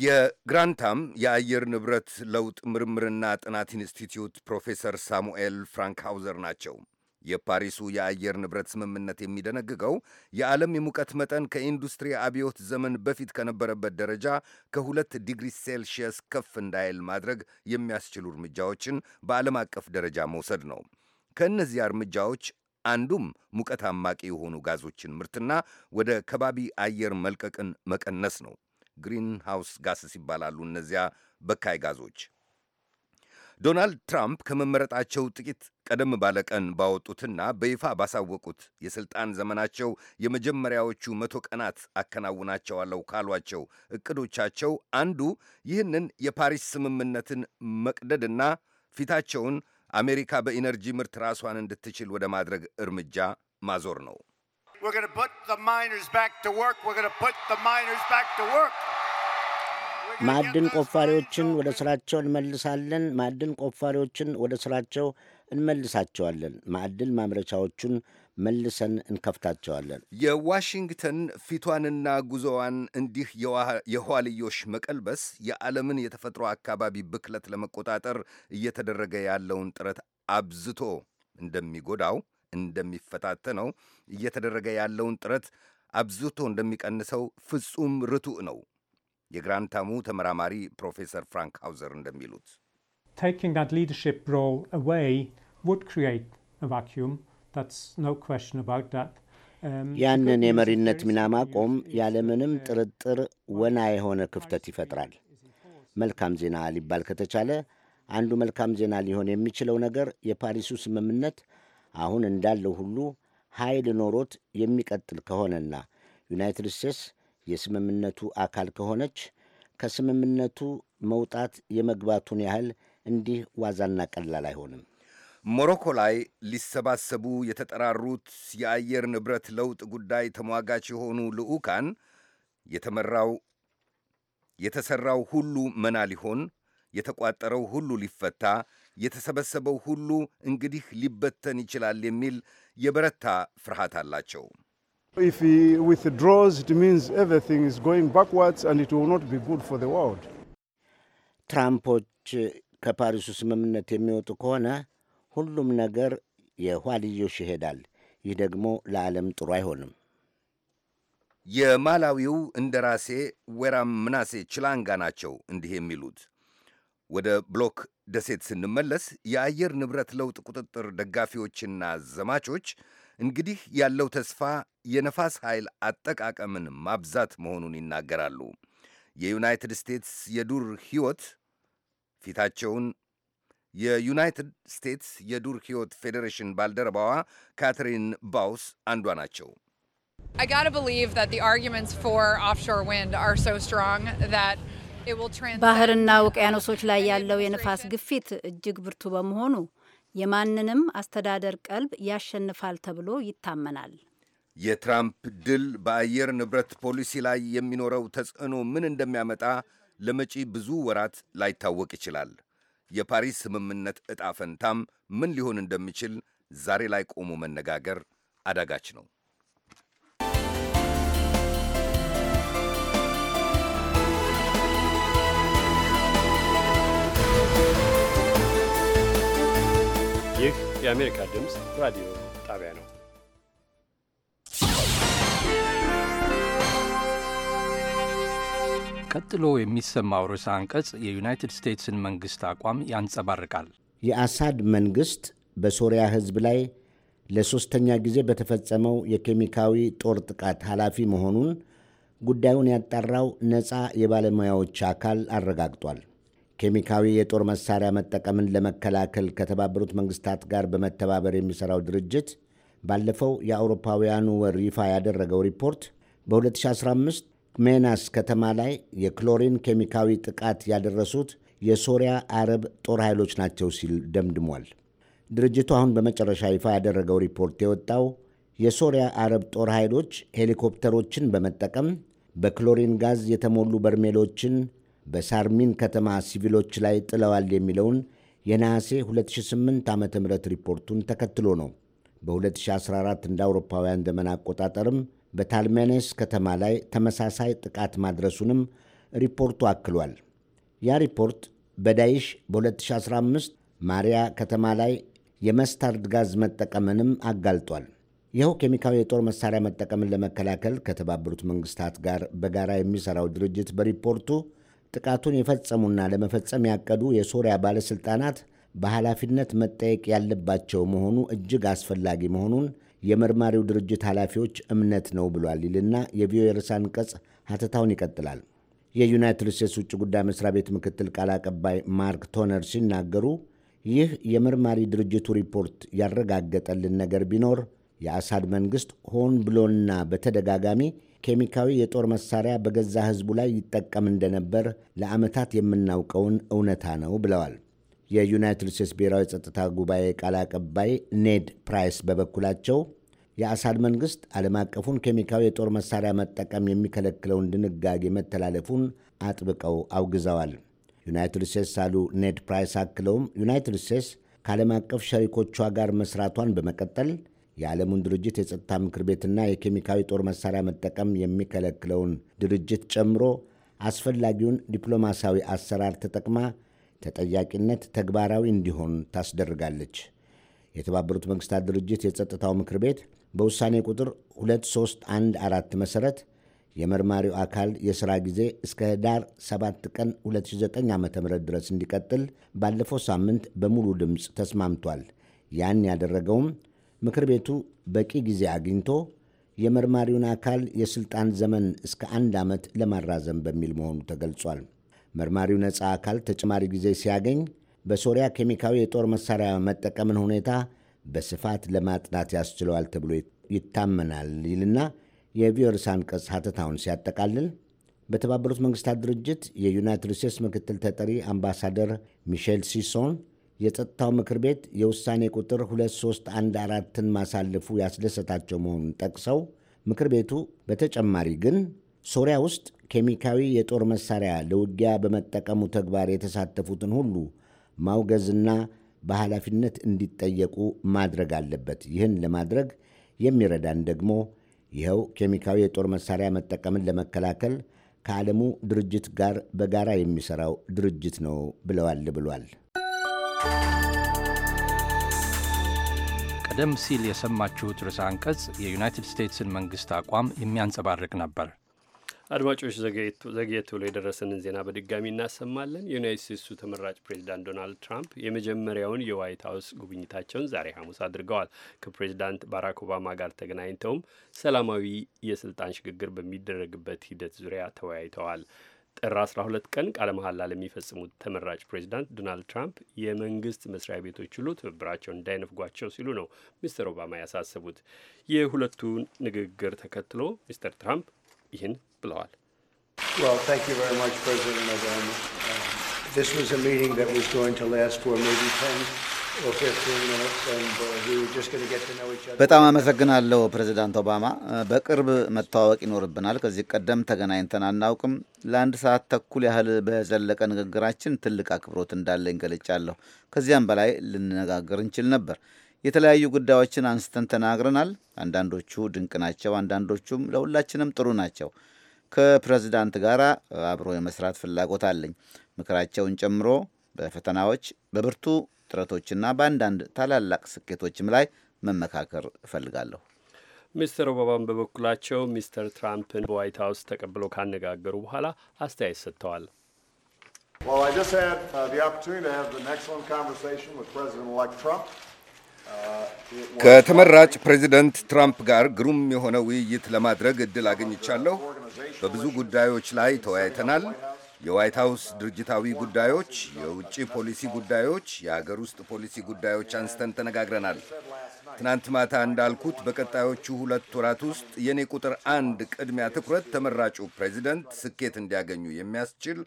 የግራንታም የአየር ንብረት ለውጥ ምርምርና ጥናት ኢንስቲትዩት ፕሮፌሰር ሳሙኤል ፍራንክሃውዘር ናቸው። የፓሪሱ የአየር ንብረት ስምምነት የሚደነግገው የዓለም የሙቀት መጠን ከኢንዱስትሪ አብዮት ዘመን በፊት ከነበረበት ደረጃ ከሁለት ዲግሪ ሴልሺየስ ከፍ እንዳይል ማድረግ የሚያስችሉ እርምጃዎችን በዓለም አቀፍ ደረጃ መውሰድ ነው። ከእነዚያ እርምጃዎች አንዱም ሙቀት አማቂ የሆኑ ጋዞችን ምርትና ወደ ከባቢ አየር መልቀቅን መቀነስ ነው። ግሪን ሃውስ ጋስስ ይባላሉ እነዚያ በካይ ጋዞች። ዶናልድ ትራምፕ ከመመረጣቸው ጥቂት ቀደም ባለ ቀን ባወጡትና በይፋ ባሳወቁት የሥልጣን ዘመናቸው የመጀመሪያዎቹ መቶ ቀናት አከናውናቸዋለሁ ካሏቸው እቅዶቻቸው አንዱ ይህንን የፓሪስ ስምምነትን መቅደድና ፊታቸውን አሜሪካ በኢነርጂ ምርት ራሷን እንድትችል ወደ ማድረግ እርምጃ ማዞር ነው። ማዕድን ቆፋሪዎችን ወደ ስራቸው እንመልሳለን። ማዕድን ቆፋሪዎችን ወደ ስራቸው እንመልሳቸዋለን። ማዕድን ማምረቻዎቹን መልሰን እንከፍታቸዋለን። የዋሽንግተን ፊቷንና ጉዞዋን እንዲህ የኋልዮሽ መቀልበስ የዓለምን የተፈጥሮ አካባቢ ብክለት ለመቆጣጠር እየተደረገ ያለውን ጥረት አብዝቶ እንደሚጎዳው፣ እንደሚፈታተነው፣ እየተደረገ ያለውን ጥረት አብዝቶ እንደሚቀንሰው ፍጹም ርቱዕ ነው። የግራንታሙ ተመራማሪ ፕሮፌሰር ፍራንክ ሃውዘር እንደሚሉት ያንን የመሪነት ሚና ማቆም ያለምንም ጥርጥር ወና የሆነ ክፍተት ይፈጥራል። መልካም ዜና ሊባል ከተቻለ አንዱ መልካም ዜና ሊሆን የሚችለው ነገር የፓሪሱ ስምምነት አሁን እንዳለው ሁሉ ኃይል ኖሮት የሚቀጥል ከሆነና ዩናይትድ ስቴትስ የስምምነቱ አካል ከሆነች ከስምምነቱ መውጣት የመግባቱን ያህል እንዲህ ዋዛና ቀላል አይሆንም። ሞሮኮ ላይ ሊሰባሰቡ የተጠራሩት የአየር ንብረት ለውጥ ጉዳይ ተሟጋች የሆኑ ልዑካን የተመራው የተሠራው ሁሉ መና ሊሆን፣ የተቋጠረው ሁሉ ሊፈታ፣ የተሰበሰበው ሁሉ እንግዲህ ሊበተን ይችላል የሚል የበረታ ፍርሃት አላቸው። If he withdraws, it means everything is going backwards and it will not be good for the world. ትራምፖች ከፓሪሱ ስምምነት የሚወጡ ከሆነ ሁሉም ነገር የኋልዮሽ ይሄዳል። ይህ ደግሞ ለዓለም ጥሩ አይሆንም። የማላዊው እንደራሴ ዌራም ምናሴ ችላንጋ ናቸው እንዲህ የሚሉት። ወደ ብሎክ ደሴት ስንመለስ የአየር ንብረት ለውጥ ቁጥጥር ደጋፊዎችና ዘማቾች እንግዲህ ያለው ተስፋ የነፋስ ኃይል አጠቃቀምን ማብዛት መሆኑን ይናገራሉ። የዩናይትድ ስቴትስ የዱር ሕይወት ፊታቸውን የዩናይትድ ስቴትስ የዱር ሕይወት ፌዴሬሽን ባልደረባዋ ካትሪን ባውስ አንዷ ናቸው። ባህርና ውቅያኖሶች ላይ ያለው የነፋስ ግፊት እጅግ ብርቱ በመሆኑ የማንንም አስተዳደር ቀልብ ያሸንፋል ተብሎ ይታመናል። የትራምፕ ድል በአየር ንብረት ፖሊሲ ላይ የሚኖረው ተጽዕኖ ምን እንደሚያመጣ ለመጪ ብዙ ወራት ላይታወቅ ይችላል። የፓሪስ ስምምነት ዕጣ ፈንታም ምን ሊሆን እንደሚችል ዛሬ ላይ ቆሞ መነጋገር አዳጋች ነው። የአሜሪካ ድምፅ ራዲዮ ጣቢያ ነው። ቀጥሎ የሚሰማው ርዕሰ አንቀጽ የዩናይትድ ስቴትስን መንግሥት አቋም ያንጸባርቃል። የአሳድ መንግሥት በሶሪያ ሕዝብ ላይ ለሦስተኛ ጊዜ በተፈጸመው የኬሚካዊ ጦር ጥቃት ኃላፊ መሆኑን ጉዳዩን ያጣራው ነፃ የባለሙያዎች አካል አረጋግጧል። ኬሚካዊ የጦር መሳሪያ መጠቀምን ለመከላከል ከተባበሩት መንግስታት ጋር በመተባበር የሚሠራው ድርጅት ባለፈው የአውሮፓውያኑ ወር ይፋ ያደረገው ሪፖርት በ2015 ሜናስ ከተማ ላይ የክሎሪን ኬሚካዊ ጥቃት ያደረሱት የሶሪያ አረብ ጦር ኃይሎች ናቸው ሲል ደምድሟል። ድርጅቱ አሁን በመጨረሻ ይፋ ያደረገው ሪፖርት የወጣው የሶሪያ አረብ ጦር ኃይሎች ሄሊኮፕተሮችን በመጠቀም በክሎሪን ጋዝ የተሞሉ በርሜሎችን በሳርሚን ከተማ ሲቪሎች ላይ ጥለዋል የሚለውን የነሐሴ 2008 ዓ ም ሪፖርቱን ተከትሎ ነው። በ2014 እንደ አውሮፓውያን ዘመን አቆጣጠርም በታልሜኔስ ከተማ ላይ ተመሳሳይ ጥቃት ማድረሱንም ሪፖርቱ አክሏል። ያ ሪፖርት በዳይሽ በ2015 ማሪያ ከተማ ላይ የመስታርድ ጋዝ መጠቀምንም አጋልጧል። ይኸው ኬሚካዊ የጦር መሳሪያ መጠቀምን ለመከላከል ከተባበሩት መንግስታት ጋር በጋራ የሚሰራው ድርጅት በሪፖርቱ ጥቃቱን የፈጸሙና ለመፈጸም ያቀዱ የሶሪያ ባለሥልጣናት በኃላፊነት መጠየቅ ያለባቸው መሆኑ እጅግ አስፈላጊ መሆኑን የመርማሪው ድርጅት ኃላፊዎች እምነት ነው ብሏል ይልና የቪኦኤ ርዕሰ አንቀጽ ሀተታውን ይቀጥላል። የዩናይትድ ስቴትስ ውጭ ጉዳይ መስሪያ ቤት ምክትል ቃል አቀባይ ማርክ ቶነር ሲናገሩ ይህ የመርማሪ ድርጅቱ ሪፖርት ያረጋገጠልን ነገር ቢኖር የአሳድ መንግሥት ሆን ብሎና በተደጋጋሚ ኬሚካዊ የጦር መሳሪያ በገዛ ሕዝቡ ላይ ይጠቀም እንደነበር ለዓመታት የምናውቀውን እውነታ ነው ብለዋል። የዩናይትድ ስቴትስ ብሔራዊ ጸጥታ ጉባኤ ቃል አቀባይ ኔድ ፕራይስ በበኩላቸው የአሳድ መንግሥት ዓለም አቀፉን ኬሚካዊ የጦር መሳሪያ መጠቀም የሚከለክለውን ድንጋጌ መተላለፉን አጥብቀው አውግዘዋል። ዩናይትድ ስቴትስ አሉ ኔድ ፕራይስ አክለውም ዩናይትድ ስቴትስ ከዓለም አቀፍ ሸሪኮቿ ጋር መስራቷን በመቀጠል የዓለሙን ድርጅት የጸጥታ ምክር ቤትና የኬሚካዊ ጦር መሳሪያ መጠቀም የሚከለክለውን ድርጅት ጨምሮ አስፈላጊውን ዲፕሎማሲያዊ አሰራር ተጠቅማ ተጠያቂነት ተግባራዊ እንዲሆን ታስደርጋለች። የተባበሩት መንግስታት ድርጅት የጸጥታው ምክር ቤት በውሳኔ ቁጥር 2314 መሠረት የመርማሪው አካል የሥራ ጊዜ እስከ ህዳር 7 ቀን 2009 ዓ ም ድረስ እንዲቀጥል ባለፈው ሳምንት በሙሉ ድምፅ ተስማምቷል። ያን ያደረገውም ምክር ቤቱ በቂ ጊዜ አግኝቶ የመርማሪውን አካል የሥልጣን ዘመን እስከ አንድ ዓመት ለማራዘም በሚል መሆኑ ተገልጿል። መርማሪው ነፃ አካል ተጨማሪ ጊዜ ሲያገኝ በሶሪያ ኬሚካዊ የጦር መሣሪያ መጠቀምን ሁኔታ በስፋት ለማጥናት ያስችለዋል ተብሎ ይታመናል ይልና የቪዮርስ አንቀጽ ሐተታውን ሲያጠቃልል በተባበሩት መንግስታት ድርጅት የዩናይትድ ስቴትስ ምክትል ተጠሪ አምባሳደር ሚሼል ሲሶን የጸጥታው ምክር ቤት የውሳኔ ቁጥር 2314ን ማሳለፉ ያስደሰታቸው መሆኑን ጠቅሰው ምክር ቤቱ በተጨማሪ ግን ሶሪያ ውስጥ ኬሚካዊ የጦር መሳሪያ ለውጊያ በመጠቀሙ ተግባር የተሳተፉትን ሁሉ ማውገዝና በኃላፊነት እንዲጠየቁ ማድረግ አለበት። ይህን ለማድረግ የሚረዳን ደግሞ ይኸው ኬሚካዊ የጦር መሳሪያ መጠቀምን ለመከላከል ከዓለሙ ድርጅት ጋር በጋራ የሚሰራው ድርጅት ነው ብለዋል ብሏል። ቀደም ሲል የሰማችሁት ርዕሰ አንቀጽ የዩናይትድ ስቴትስን መንግስት አቋም የሚያንጸባርቅ ነበር። አድማጮች ዘግየት ብሎ የደረሰንን ዜና በድጋሚ እናሰማለን። የዩናይት ስቴትሱ ተመራጭ ፕሬዚዳንት ዶናልድ ትራምፕ የመጀመሪያውን የዋይት ሀውስ ጉብኝታቸውን ዛሬ ሐሙስ አድርገዋል። ከፕሬዚዳንት ባራክ ኦባማ ጋር ተገናኝተውም ሰላማዊ የስልጣን ሽግግር በሚደረግበት ሂደት ዙሪያ ተወያይተዋል። ጥር 12 ቀን ቃለ መሐላ ለሚፈጽሙት ተመራጭ ፕሬዚዳንት ዶናልድ ትራምፕ የመንግስት መስሪያ ቤቶች ሁሉ ትብብራቸውን እንዳይነፍጓቸው ሲሉ ነው ሚስተር ኦባማ ያሳሰቡት። የሁለቱ ንግግር ተከትሎ ሚስተር ትራምፕ ይህን ብለዋል። Uh, በጣም አመሰግናለሁ ፕሬዚዳንት ኦባማ። በቅርብ መተዋወቅ ይኖርብናል። ከዚህ ቀደም ተገናኝተን አናውቅም። ለአንድ ሰዓት ተኩል ያህል በዘለቀ ንግግራችን ትልቅ አክብሮት እንዳለኝ ገልጫለሁ። ከዚያም በላይ ልንነጋገር እንችል ነበር። የተለያዩ ጉዳዮችን አንስተን ተናግረናል። አንዳንዶቹ ድንቅ ናቸው፣ አንዳንዶቹም ለሁላችንም ጥሩ ናቸው። ከፕሬዚዳንት ጋር አብሮ የመስራት ፍላጎት አለኝ። ምክራቸውን ጨምሮ በፈተናዎች በብርቱ ጥረቶችና በአንዳንድ ታላላቅ ስኬቶችም ላይ መመካከር እፈልጋለሁ። ሚስተር ኦባማን በበኩላቸው ሚስተር ትራምፕን በዋይት ሀውስ ተቀብለው ካነጋገሩ በኋላ አስተያየት ሰጥተዋል። uh, uh, ከተመራጭ ፕሬዚደንት ትራምፕ ጋር ግሩም የሆነ ውይይት ለማድረግ እድል አግኝቻለሁ። በብዙ ጉዳዮች ላይ ተወያይተናል። የዋይት ሀውስ ድርጅታዊ ጉዳዮች፣ የውጭ ፖሊሲ ጉዳዮች፣ የሀገር ውስጥ ፖሊሲ ጉዳዮች አንስተን ተነጋግረናል። ትናንት ማታ እንዳልኩት በቀጣዮቹ ሁለት ወራት ውስጥ የእኔ ቁጥር አንድ ቅድሚያ ትኩረት ተመራጩ ፕሬዚደንት ስኬት እንዲያገኙ የሚያስችል